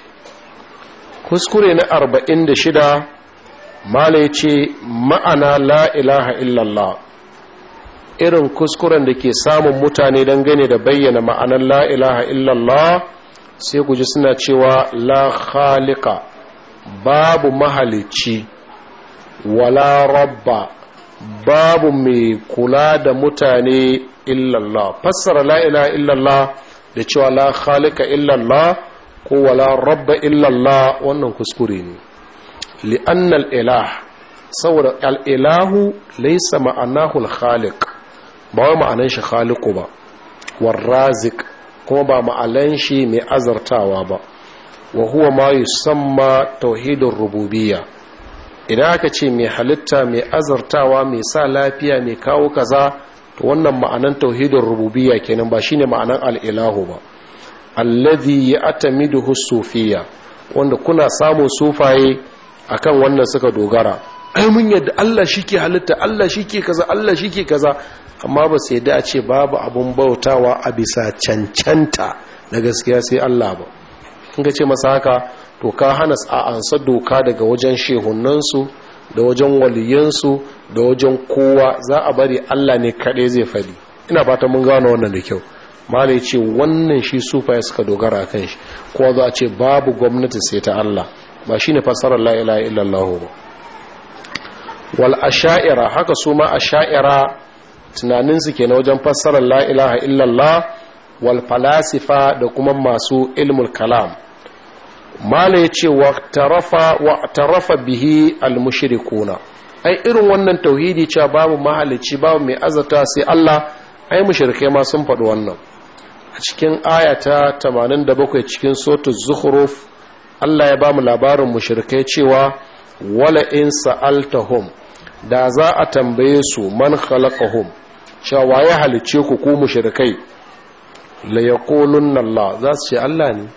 kuskure na arba'in da shida mala ce ma'ana la ilaha illallah irin kuskuren da ke samun mutane dangane da bayyana ma'anar lailaha ilaha illallah sai guji suna cewa la khalika babu mahalicci wala rabba babu mai kula da mutane illallah fassara la ilaha illallah da cewa la khalika illallah ko wala rabba illallah wannan kuskure ne li'annal ilah saboda al'ilahu laisa ma'anahul khaliq ba wai ma'anan shi khaliqu ba warrazik kuma ba ma'anan shi mai azartawa ba wa huwa ma yusamma tauhidur rububiyya idan aka ce mai halitta mai azartawa mai sa lafiya mai kawo kaza to wannan ma'anan tauhidur rububiya kenan ba shine ma'anan al'ilahu ba alladhi ya'tamiduhu sufiyya wanda kuna samu sufaye akan wannan suka dogara ai mun yadda Allah shike halitta Allah shike kaza Allah shike kaza amma ba su yadda a ce babu abun bautawa a bisa cancanta na gaskiya sai Allah ba in ka ce masa haka to ka hana a ansa doka daga wajen shehunansu da wajen waliyansu da wajen kowa za a bari Allah ne kaɗai zai faɗi ina fata mun gano wannan da kyau mala ya ce wannan shi ya suka dogara kan shi ko za a ce babu gwamnati sai ta Allah ba shi ne fassarar la'ila illallahu ba wal asha'ira haka su ma asha'ira tunaninsu ke na wajen fassarar la ilaha illallah wal falasifa da kuma masu ilmul kalam mala ya ce wa tarafa bihi al mushrikuna ai irin wannan tauhidi cewa babu mahalicci babu mai azata sai Allah ai mushrike ma sun faɗi wannan a cikin ayata 87 cikin sotu zuhruf Allah ya ba mu labarin mushrikai cewa wala in sa'altahum da za a tambaye su man khalaqahum cewa ya halice ku ko mushrikai la yaqulun Allah za su ce Allah ne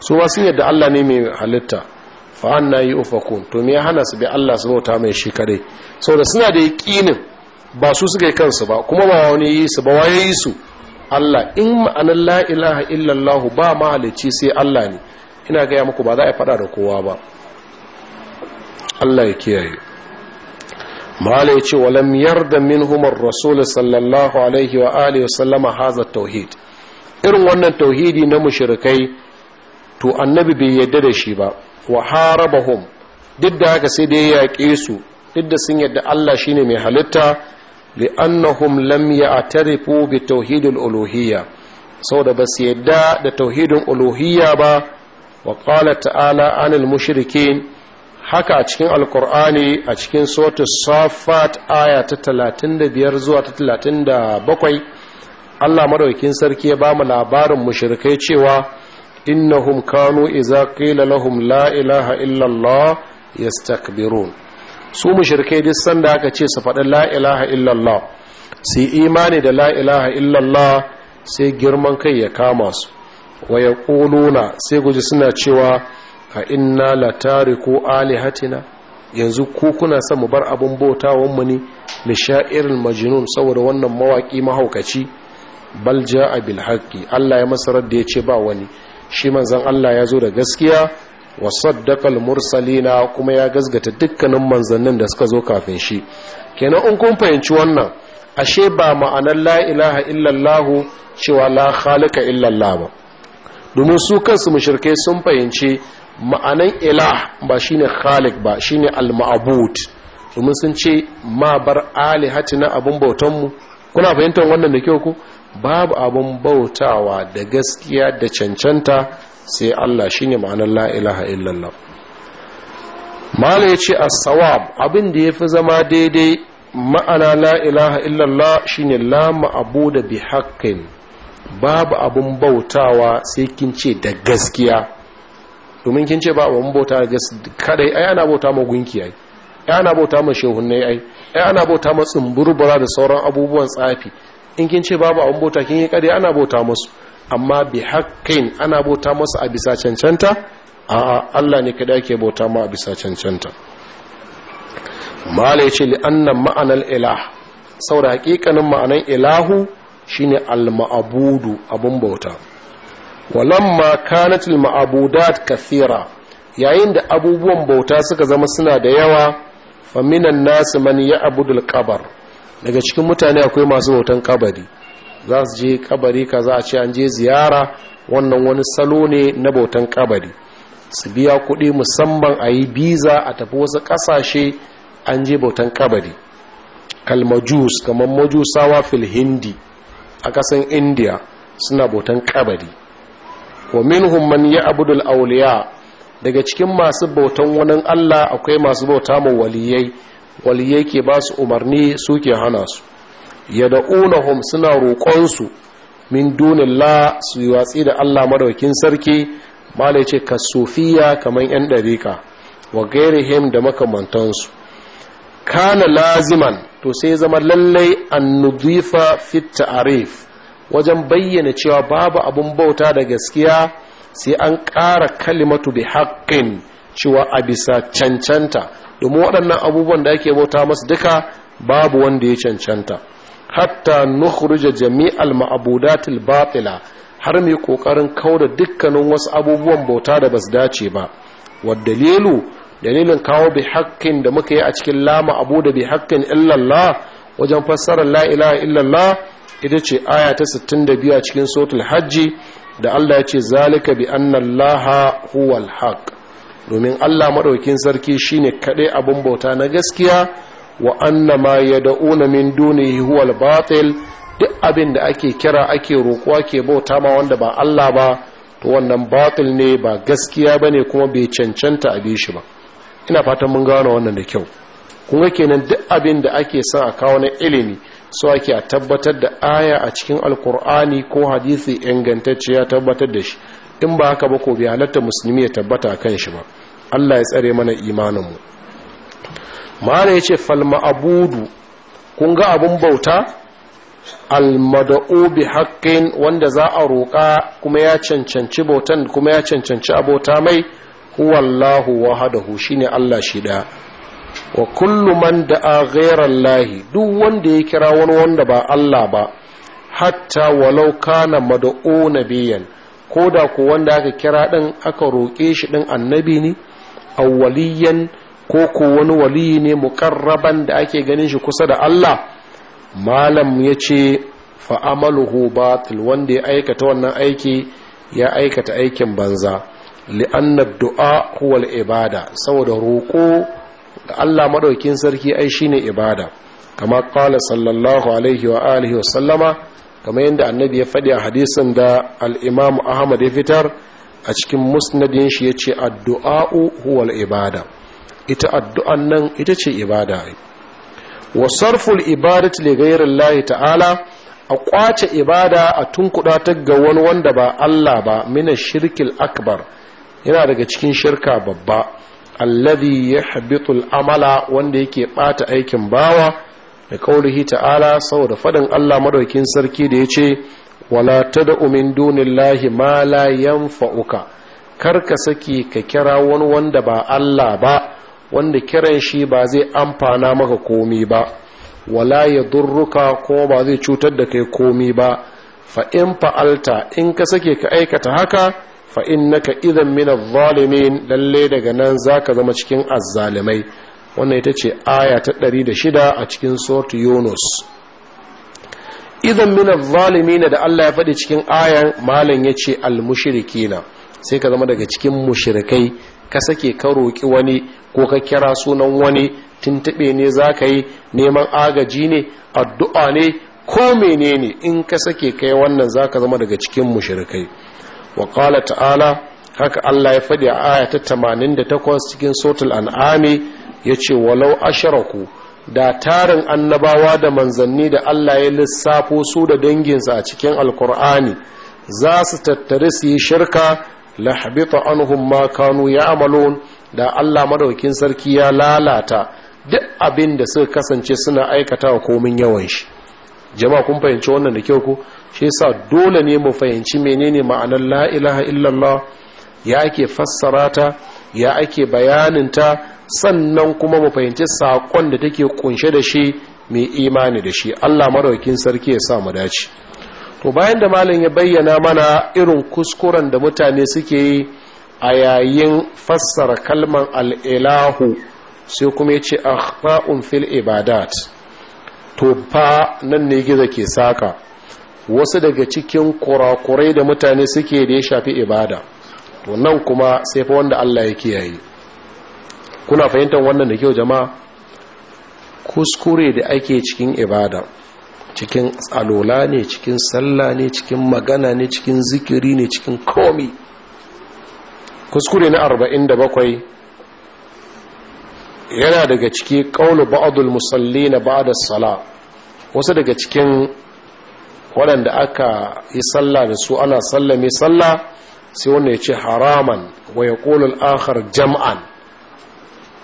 su ba sun yadda Allah ne mai halitta fa anna yufakun to me ya hana su bi Allah su bauta mai shi kadai saboda suna da yaqinin ba su suka yi kansu ba kuma ba wani yi su ba waye yi su Allah in ma'anar la ilaha illallah ba mahalicci sai Allah ne ina gaya muku ba za a faɗa da kowa ba Allah ya kiyaye mala ya ce walam yarda min humar rasul sallallahu alaihi wa alihi wasallama haza tauhid irin wannan tauhidi na mushrikai to annabi bai yadda da shi ba wa harabahum duk da haka sai dai ya su duk da sun yarda Allah shine mai halitta li'annahum lam ya'tarifu bi tauhidil uluhiyya saboda ba su yadda da tauhidin uluhiyya ba wa qala ta'ala anil mushrikin haka a cikin alkur'ani a cikin sautu safat aya ta biyar zuwa ta bakwai allah maɗaukin sarki ya ba mu labarin mushirikai cewa innahum kanu iza qila lahum la ilaha illallah yastakbirun su mushirikai duk sanda aka ce su faɗi la ilaha illallah su imani da la ilaha illallah sai girman kai ya kama su wa yaquluna sai guji suna cewa a inna la tariku alihatina yanzu ko kuna son mu bar abun bautawan mu ne li sha'iril majnun saboda wannan mawaki mahaukaci bal ja'a bil haqqi Allah ya masarar da ce ba wani shi manzon Allah ya zo da gaskiya wa saddaqal mursalina kuma ya gasgata dukkanin manzannin da suka zo kafin shi kenan in kun fahimci wannan ashe ba ma'anar la ilaha illallah cewa la khaliqa illallah ba domin su kansu mushrikai sun fahimci ma'anan ilah ba shine khalik ba shine al-ma'bud domin sun ce ma bar alihatina abun bautanmu kuna fahimtar wannan da kyau ku babu abun bautawa da gaskiya da cancanta sai Allah shine ne la ilaha illallah ya ce as-sawab abin da fi zama daidai ma'ana la ilaha illallah shine la ma'budu bi haqqin babu abun bautawa sai kin ce da gaskiya domin kin ce ba wa bauta kada ai ana bauta ma gunki ai ai ana bauta ma shehunne ai ai ana bauta ma tsumburbura da sauran abubuwan tsafi in kin ce babu abun bauta kin yi kada ana bauta musu amma bi hakkin ana bauta musu a bisa cancanta a Allah ne kadai ake bauta ma a bisa cancanta mala yace li ma'anar ma'anal ilah saboda hakikanin ma'anan ilahu shine al-ma'budu abun bauta walamma kanatul ma'abudat kathira yayin da abubuwan bauta suka zama suna da yawa faminan nasu man ya abudul kabar daga cikin mutane akwai masu bautan kabari za su je kabari kaza a ce an je ziyara wannan wani salo ne na bautan kabari su biya kuɗi musamman a yi biza a tafi wasu ƙasashe an je bautan kabari kalmajus kamar majusawa fil hindi a ƙasan indiya suna bautan kabari wa minhum man ya'budu al-awliya daga cikin masu bautan wani Allah akwai masu bauta ma waliyai waliyai ke ba su umarni suke hana su yad'unahum suna roƙon su min dunillah su yi watsi da Allah madaukin sarki malai ce kasufiya kaman yan dariƙa wa ghairihim da makamantansu kana laziman to sai zama lallai nudifa fit ta'arif wajen bayyana cewa babu abun bauta da gaskiya sai an ƙara kalimatu bi haƙƙin cewa a bisa cancanta domin waɗannan abubuwan da ake bauta masu duka babu wanda ya cancanta hatta nukhruja jami'al ma'budatil batila har mai kokarin kauda dukkanin wasu abubuwan bauta da basu dace ba wad dalilu dalilin kawo bi haƙƙin da muka yi a cikin lama abu da bi haƙƙin illallah wajen fassarar la ilaha illallah ita ce aya ta 62 a cikin sotul hajji da Allah ya ce zalika bi annallaha huwal haq domin Allah maɗaukin sarki shine kaɗai abin bauta na gaskiya wa anna ma ya dauna min dunihi huwal batil duk abin da ake kira ake roƙuwa ke bauta ma wanda ba Allah ba to wannan batil ne ba gaskiya bane kuma bai cancanta a bi shi ba ina fatan mun gano wannan da kyau kuma kenan duk abin da ake son a kawo na ilimi so ake a tabbatar da aya a cikin alkur'ani ko hadisi ingantacce ya tabbatar da shi in ba haka ba ko bai halatta musulmi ya tabbata kan shi ba Allah ya tsare mana imaninmu mana ya ce falma'abudu kun ga abin bauta almada'u bi haƙƙin wanda za a roƙa kuma ya cancanci bautan kuma ya cancanci abota mai huwallahu wahadahu shine Allah shi ɗaya wa kullu man da'a ghayra lahi duk wanda ya kira wani wanda ba Allah ba hatta walau kana mad'u nabiyan ko da ku wanda aka kira din aka roƙe shi din annabi ne awwaliyan ko ko wani waliyi ne muqarraban da ake ganin shi kusa da Allah malam yace fa amaluhu batil wanda ya aikata wannan aiki ya aikata aikin banza li'anna du'a huwa ibada saboda roƙo da Allah maɗaukin sarki ai shine ibada kama ƙwale sallallahu alaihi wa alihi wa sallama kamar yadda annabi ya faɗi a hadisin da al ahmad ya fitar a cikin musnadin shi yace addu'a'u huwal ibada ita addu'an nan ita ce ibada wa sarful ibadati li ghayrillahi ta'ala a kwace ibada a tunkuɗa ta ga wani wanda ba Allah ba mina shirkil akbar yana daga cikin shirka babba alladhi yahbitu al-amala wanda yake bata aikin bawa da kaulihi ta'ala saboda fadin Allah madaukin sarki da yace wala tad'u min dunillahi ma la yanfa'uka karka saki ka kira wani wanda ba Allah ba wanda kiran shi ba zai amfana maka komi ba wala yadurruka ko ba zai cutar da kai komi ba fa in fa'alta in ka sake ka aikata haka fa innaka idan min adh lalle daga nan zaka zama cikin azzalimai wannan ita ce aya ta 106 a cikin suratu yunus idan min adh-dhalimin da Allah ya faɗi cikin ayan malan yace al-mushrikina sai ka zama daga cikin mushrikai ka sake ka roki wani ko ka kira sunan wani tuntube ne zaka yi neman agaji ne addu'a ne ko menene in ka sake kai wannan zaka zama daga cikin mushrikai wa ta'ala haka Allah ya faɗi a aya ta 88 cikin sotul an'ami ya ce walau asharaku da tarin annabawa da manzanni da Allah ya lissafo su da danginsa a cikin alkur'ani za su tattare su yi shirka la habita anhum ma kanu amalo da Allah madaukin sarki ya lalata duk abin da suka kasance suna aikata wa komin yawan shi jama'a kun fahimci wannan da kyau ko shi sa dole ne mu fahimci menene ma'anar la ilaha illallah ya ake fassara ta ya ake bayanin ta sannan kuma mu fahimci sakon da take kunshe da shi mai imani da shi Allah maraukin sarki ya sa mu dace to bayan da malam ya bayyana mana irin kuskuren da mutane suke yi a yayin fassara kalman al'ilahu sai kuma ya ce akhta'un fil ibadat to fa nan ne gizo ke saka wasu daga cikin kurakurai da mutane suke da ya shafi ibada to nan kuma sai fa wanda Allah ya kiyaye kuna fahimtar wannan da kyau jama'a kuskure da ake cikin ibada cikin alola ne cikin sallah ne cikin magana ne cikin zikiri ne cikin komi kuskure na arba'in da 47 yana daga ciki qaulu musalli na ba'da salah wasu daga cikin waɗanda aka yi sallah da su ana mai sallah sai wanda ya ce haraman wa ya ƙolin akhar jam'an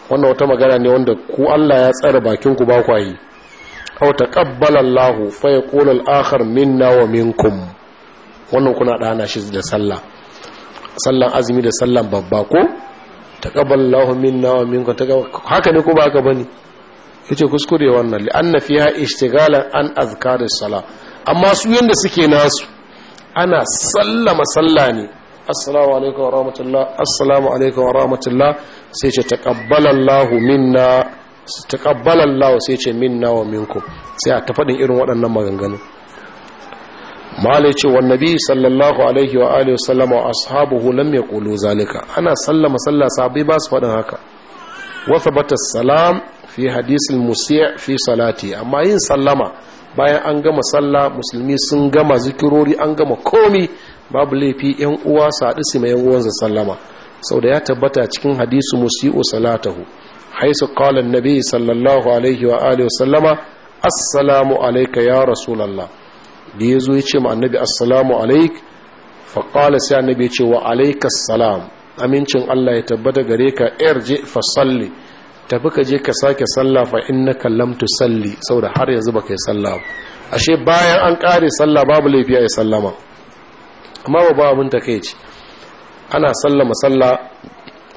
wannan wata magana ne wanda ku Allah ya tsara bakin ba kwa yi au taqabbala Allahu fa ya ƙolin akhar minna wa minkum wannan kuna ɗana shi da sallah sallan azumi da sallan babba ko taqabbala Allahu minna wa minkum haka ne ko ba haka bane yace kuskure wannan li anna fiha ishtighalan an azkaris salah amma su yadda suke nasu ana sallama salla ne assalamu alaikum wa rahmatullah assalamu alaikum wa rahmatullah sai ce taqabbalallahu minna taqabbalallahu sai ce minna wa minkum sai a tafadin irin waɗannan maganganu malai ce wa nabi sallallahu alaihi wa alihi wasallam wa ashabuhu lam yaqulu zalika ana sallama salla sahabbai ba su faɗin haka wa thabata salam fi hadisil musii' fi salati amma yin sallama bayan an gama sallah musulmi sun gama zikirori an gama komi babu laifi yan uwa su haɗu su mai yan uwansa sallama sau da ya tabbata cikin hadisu musi'u salatahu haisu qala nabi sallallahu alaihi wa alihi sallama assalamu alaika ya rasulallah da ya zo ya ce ma annabi assalamu alaik fa qala sai annabi ya ce wa alayka assalam amincin Allah ya tabbata gare ka irji fa salli tafi ka je ka sake sallah fa innaka lam salli saboda har yanzu baka yi sallah ashe bayan an kare sallah babu laifi yi sallama amma ba abin abin takeici ana sallama sallah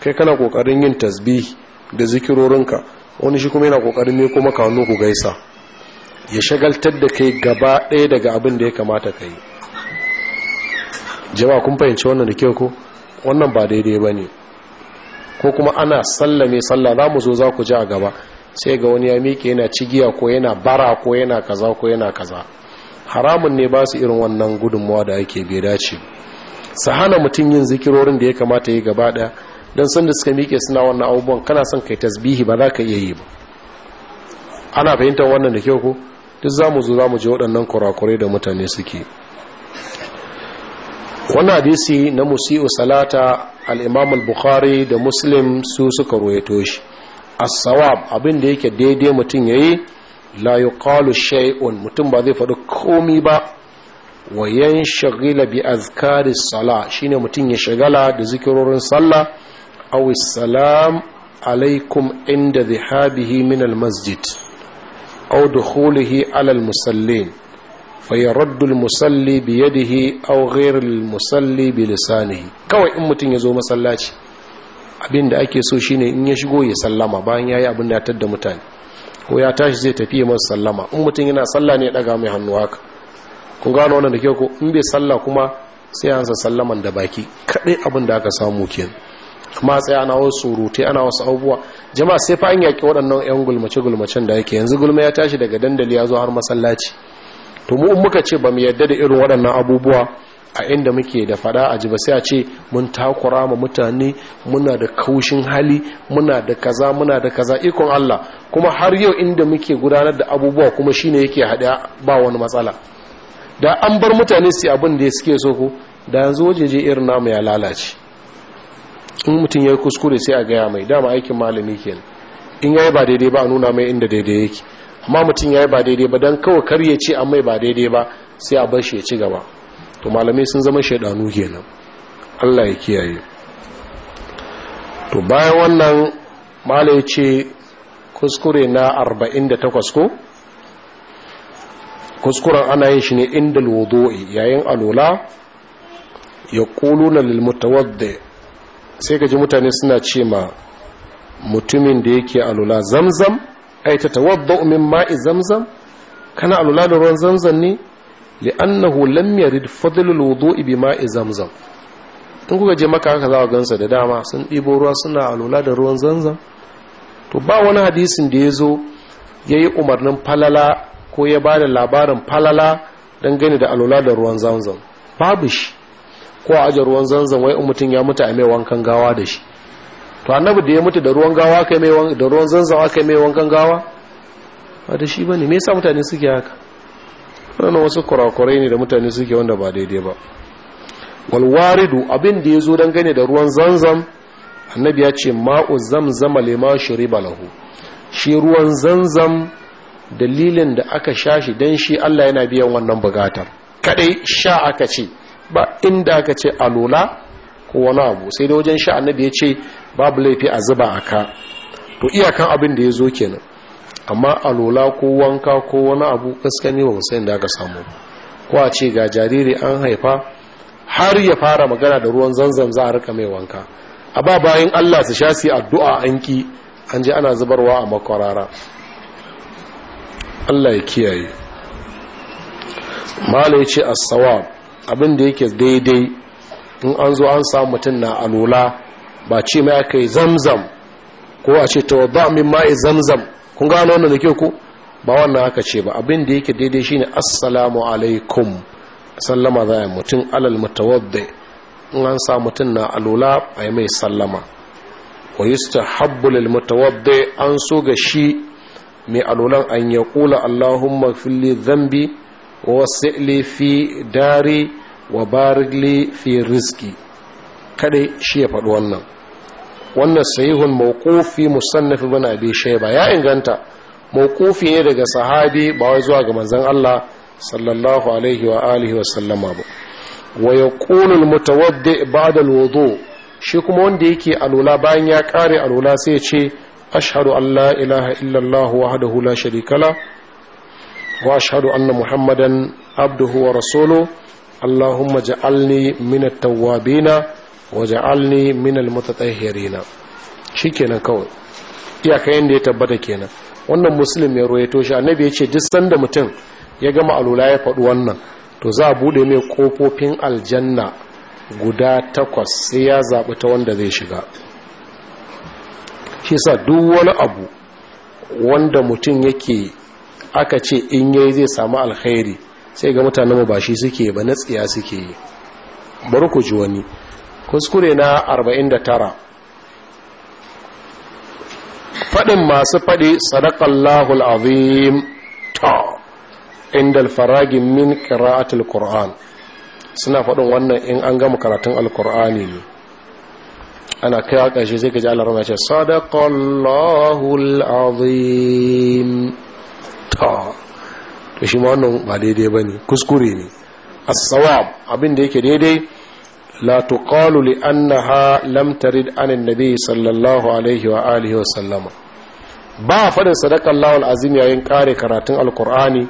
kai kana kokarin yin tasbih da zikirorinka wani shi kuma yana kokarin ne kuma ka ku gaisa ya shagaltar da kai gaba ɗaya daga abin da ya kamata ka yi jama'a kun fahimci wannan da kyau ko wannan ba daidai ba ne ko kuma ana sallame sallah za mu zo za ku ji a gaba sai ga wani ya miƙe yana cigiya ko yana bara ko yana kaza ko yana kaza haramun ne ba su irin wannan gudunmawa da ake bai dace su hana mutum yin zikirorin da ya kamata yi gaba ɗaya don da suka miƙe suna wannan abubuwan kana son kai tasbihi ba za ka iya yi ba ana fahimtar wannan da kyau ko duk za mu zo za mu ji waɗannan kurakurai da mutane suke wannan hadisi na musi'u salata al-imam al-bukhari da muslim su suka ruwaito shi as-sawab abin da yake daidai mutum yi la yuqalu shay'un mutum ba zai faɗi komi ba wa shagila bi azkari sala shine mutum ya shagala da zikirorin sallah awi salam alaikum inda zihabihi min al-masjid aw dukhulihi alal musallin فيرد المصلي بيده او غير المصلي بلسانه كوي أمتين يزو مسلاتي masallaci da ake so shine in ya shigo ya sallama bayan yayi abin da ya tadda mutane ko ya tashi zai tafi ya masa sallama in mutum yana salla ne ya daga mai hannu haka kun gano wannan da ke ko in bai salla kuma sai ansa sallaman da baki kadai abin da aka samu kenan amma tsaya ana wasu surutai ana wasu abubuwa jama'a sai fa an yaki waɗannan yan gulmace gulmacen da yake yanzu gulma ya tashi daga dandali ya zo har masallaci to mu muka ce ba mu yadda da irin waɗannan abubuwa a inda muke da fada a ji ba sai a ce mun takura ma mutane muna da kaushin hali muna da kaza muna da kaza ikon Allah kuma har yau inda muke gudanar da abubuwa kuma shine yake hada ba wani matsala da an bar mutane su abin da suke so ko da yanzu wajeje irin namu ya lalace in mutum ya yi kuskure sai a gaya mai dama aikin malami kenan in yayi ba daidai ba a nuna mai inda daidai yake ma mutum ya yi ba daidai ba don kawai kar ya ce a mai ba daidai ba sai a bar shi ya ci gaba to malamai sun zama shaidanu kenan allah ya kiyaye to bayan wannan mala ya ce kuskure na arba'in da takwas ko kuskuren ana yin shi ne inda lodo'i yayin alola ya na lilmutawadda sai gaji mutane suna ce ma mutumin da yake alola zamzam ai ta tawadda min ma'i zamzam kana alula da ruwan zamzam ne li'annahu lam yarid fadlul wudu'i bi ma'i zamzam in kuka je maka haka za ku gansa da dama sun dibo ruwa suna alula da ruwan zamzam to ba wani hadisin da ya zo ya umarnin falala ko ya bada labarin falala dan gani da alula da ruwan zamzam babu shi ko a aje ruwan zanzan wai mutum ya mutu a mai wankan gawa da shi to annabi da ya mutu da ruwan gawa kai mai da ruwan zanzawa kai mai wankan gawa ba da shi bane me yasa mutane suke haka wannan wasu kurakurai ne da mutane suke wanda ba daidai ba wal waridu abin da yazo dangane da ruwan zanzam annabi ya ce ma'u zamzama lima shuriba lahu shi ruwan zanzam dalilin da aka sha shi dan shi Allah yana biyan wannan bukatar kadai sha aka ce ba inda aka ce alula ko wani abu sai da wajen sha annabi ya ce babu laifi a zuba a ka to iyakan abin da ya zo kenan amma a lola ko wanka ko wani abu kaskani ne ba musayin da aka samu ko a ce ga jariri an haifa har ya fara magana da ruwan zanzam za a rika mai wanka a ba bayan Allah su sha su addu'a an ki an ji ana zubarwa a makwarara Allah ya kiyaye mala ya ce sawa abin da yake daidai in an zo an samu mutum na alola ba ce ma kai zamzam ko a ce tawadda min ma'i zamzam kun gano wannan da ke ku ba wannan haka ce ba abin da yake daidai shine assalamu alaikum sallama za a mutum alal mutawadda in an sa mutum na alula a yi mai sallama wa ta lil mutawadda an so ga shi mai alulan an ya kula allahumma fili zambi wa wasu fi dari wa barili fi riski kada shi ya faɗi wannan wannan sahihun mawqufi musannaf ibn abi shayba ya inganta mawqufi ne daga sahabi ba wai zuwa ga manzon Allah sallallahu alaihi wa alihi wa sallama ba wa yaqulu al ba'da al shi kuma wanda yake alula bayan ya kare alula sai ya ce ashhadu an la ilaha illallah wahdahu la sharika la wa ashhadu anna muhammadan abduhu wa rasuluhu اللهم اجعلني من التوابين waj'alni minal mutatahhirin shikenan kawai iyaka yanda ya tabbata kenan wannan muslim ya ruwaito shi annabi ya ce duk sanda mutum ya gama alula ya faɗi wannan to za a bude mai kofofin aljanna guda takwas sai ya zaɓi ta wanda zai shiga shi sa duk wani abu wanda mutum yake aka ce in yayi zai samu alkhairi sai ga mutanen ba shi suke ba na tsiya suke yi bari ku ji wani kuskure na 49 faɗin masu faɗi sadakallahu al'azim ta inda alfaragin min kira'atul qur'an suna faɗin wannan in an gama karatun alkur'ani ne ana kai ƙashi zai sai ka ji ce sadakallahu al'azim ta to shi ma wannan ba daidai ba ne kuskure ne as abin yake daidai la tuqalu li annaha lam tarid an annabi sallallahu alaihi wa alihi wa sallama ba fadin sadaka Allahu alazim yayin kare karatun alqur'ani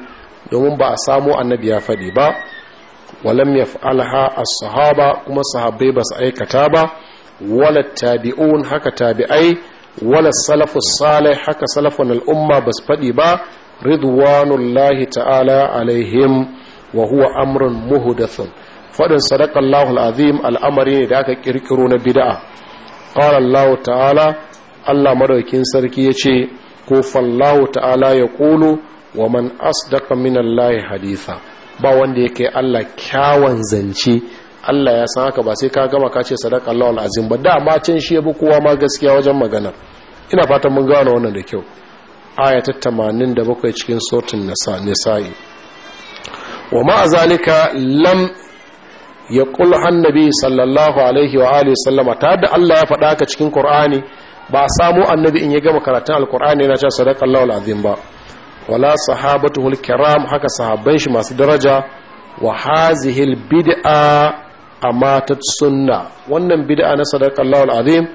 domin ba a samu annabi ya fadi ba walam yaf'alha a sahaba kuma sahabai basu aikata ba wala tabi'un haka tabi'ai wala salafu salih haka salafan al'umma basu faɗi ba ridwanullahi ta'ala alaihim wa amrun muhdathun fadin sadakallahu azim al'amari ne da aka kirkiro na bid'a qala Allah ta'ala Allah madaukin sarki yace ko fallahu ta'ala ya ƙolo wa man asdaqa min Allah haditha ba wanda ya kai Allah kyawan zance Allah ya san haka ba sai ka gama ka ce lahul azim ba da ma can shi bi kowa ma gaskiya wajen magana ina fatan mun gano wannan da kyau aya ta 87 cikin sautin nisa'i wa ma'azalika lam ya kul annabi sallallahu alaihi wa alihi sallama ta da Allah ya faɗa ka cikin Qur'ani ba samu annabi in ya gama karatun alqur'ani yana cewa sadaqallahu alazim ba wala hul kiram haka sahabban shi masu daraja wa hazihi bid'a amatat sunna wannan bid'a na sadaqallahu alazim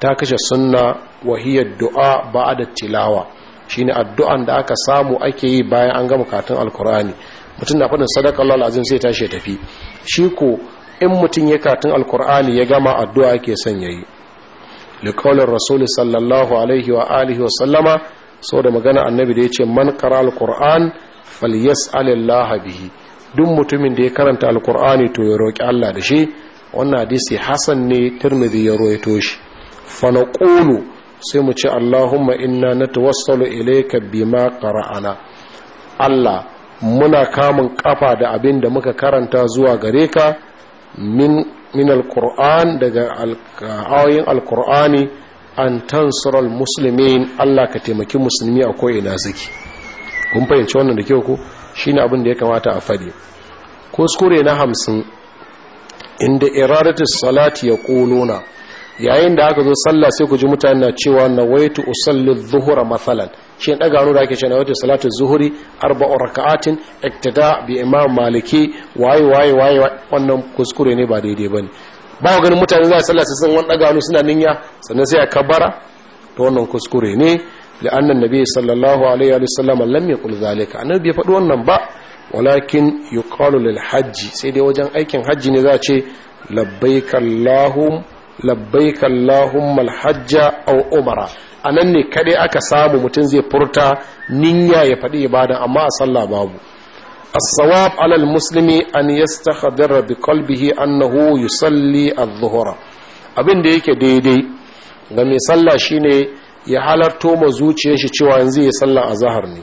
ta kashe sunna wa hiya du'a ba'da tilawa shine addu'an da aka samu ake yi bayan an gama karatun alqur'ani mutum na faɗin sadaka Allah sai tashi ya tafi shi ko in mutum ya katin alkur'ani ya gama addu'a ke son yayi liqaulir rasul sallallahu alaihi wa alihi wa sallama sau da magana annabi da ce man qara alquran falyas'alillah bihi duk mutumin da ya karanta alkur'ani to ya roki Allah da shi wannan hadisi hasan ne tirmidhi ya roito shi fa naqulu sai mu ce Allahumma inna natawassalu ilayka bima qara'ana Allah muna kamun kafa da abin da muka karanta zuwa gare ka min min alquran daga ayoyin alqurani an tansural musulmin Allah ka taimaki musulmi a ko ina suke kun fahimci wannan da kyau ko shine abin da ya kamata a fadi kuskure na hamsin inda iradatus salati ya na. yayin da aka zo sallah sai ku ji mutane na cewa na nawaitu usalli dhuhra mathalan shi daga hannu da ake cewa wata salatu zuhuri arba'u raka'atin iktada bi imam maliki waye waye waye wannan kuskure ne ba daidai bane ba ganin mutane za su sallah su san wani daga suna ninya sannan sai a kabara to wannan kuskure ne لأن النبي صلى الله عليه وسلم لم يقل ذلك النبي faɗi wannan ba walakin yuqalu lil hajji sai dai wajen aikin hajji ne za ce labbaik allahum labbaik allahumma aw umara a nan ne kaɗai aka samu mutum zai furta niyya ya faɗi ibada amma a sallah babu الصواب على المسلم أن يستخدر annahu yusalli يصلي الظهر abin da yake daidai ga mai sallah shine ya halarto ma zuciyar shi cewa yanzu ya sallah a zahar ne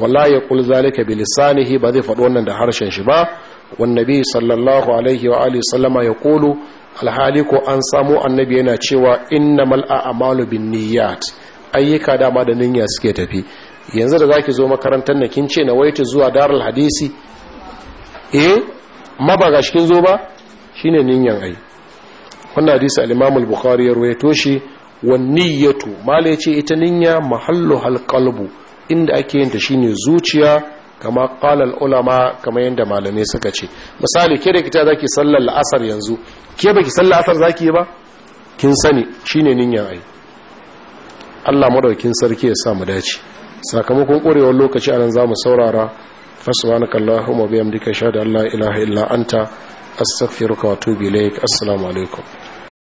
wala ya kul zalika bi lisanihi ba zai faɗi wannan da harshen shi ba wannabi sallallahu alaihi wa alihi sallama ya ƙolo. alhali ko an samo annabi yana cewa inna mal'a a'malu niyyat ayyuka dama da niyya suke tafi yanzu da zaki zo makarantar na kin ce na waita zuwa darul hadisi eh ma ba kin zo ba shine niyyan ai wannan hadisi al-Imam al-Bukhari ya rawaito shi wa niyyatu mala yace ita niyya mahallu halqalbu inda ake yin ta shine zuciya kama qala al-ulama kama yanda malamai suka ce misali kire kita zaki sallar asar yanzu ke baki sallah asar zaki yi ba kin sani shine nin ai Allah madaukin sarki ya sa mu dace sakamakon ƙorewar lokaci anan zamu saurara fasbanaka allahumma bihamdika shada la ilaha illa anta astaghfiruka wa atubu ilaik assalamu alaikum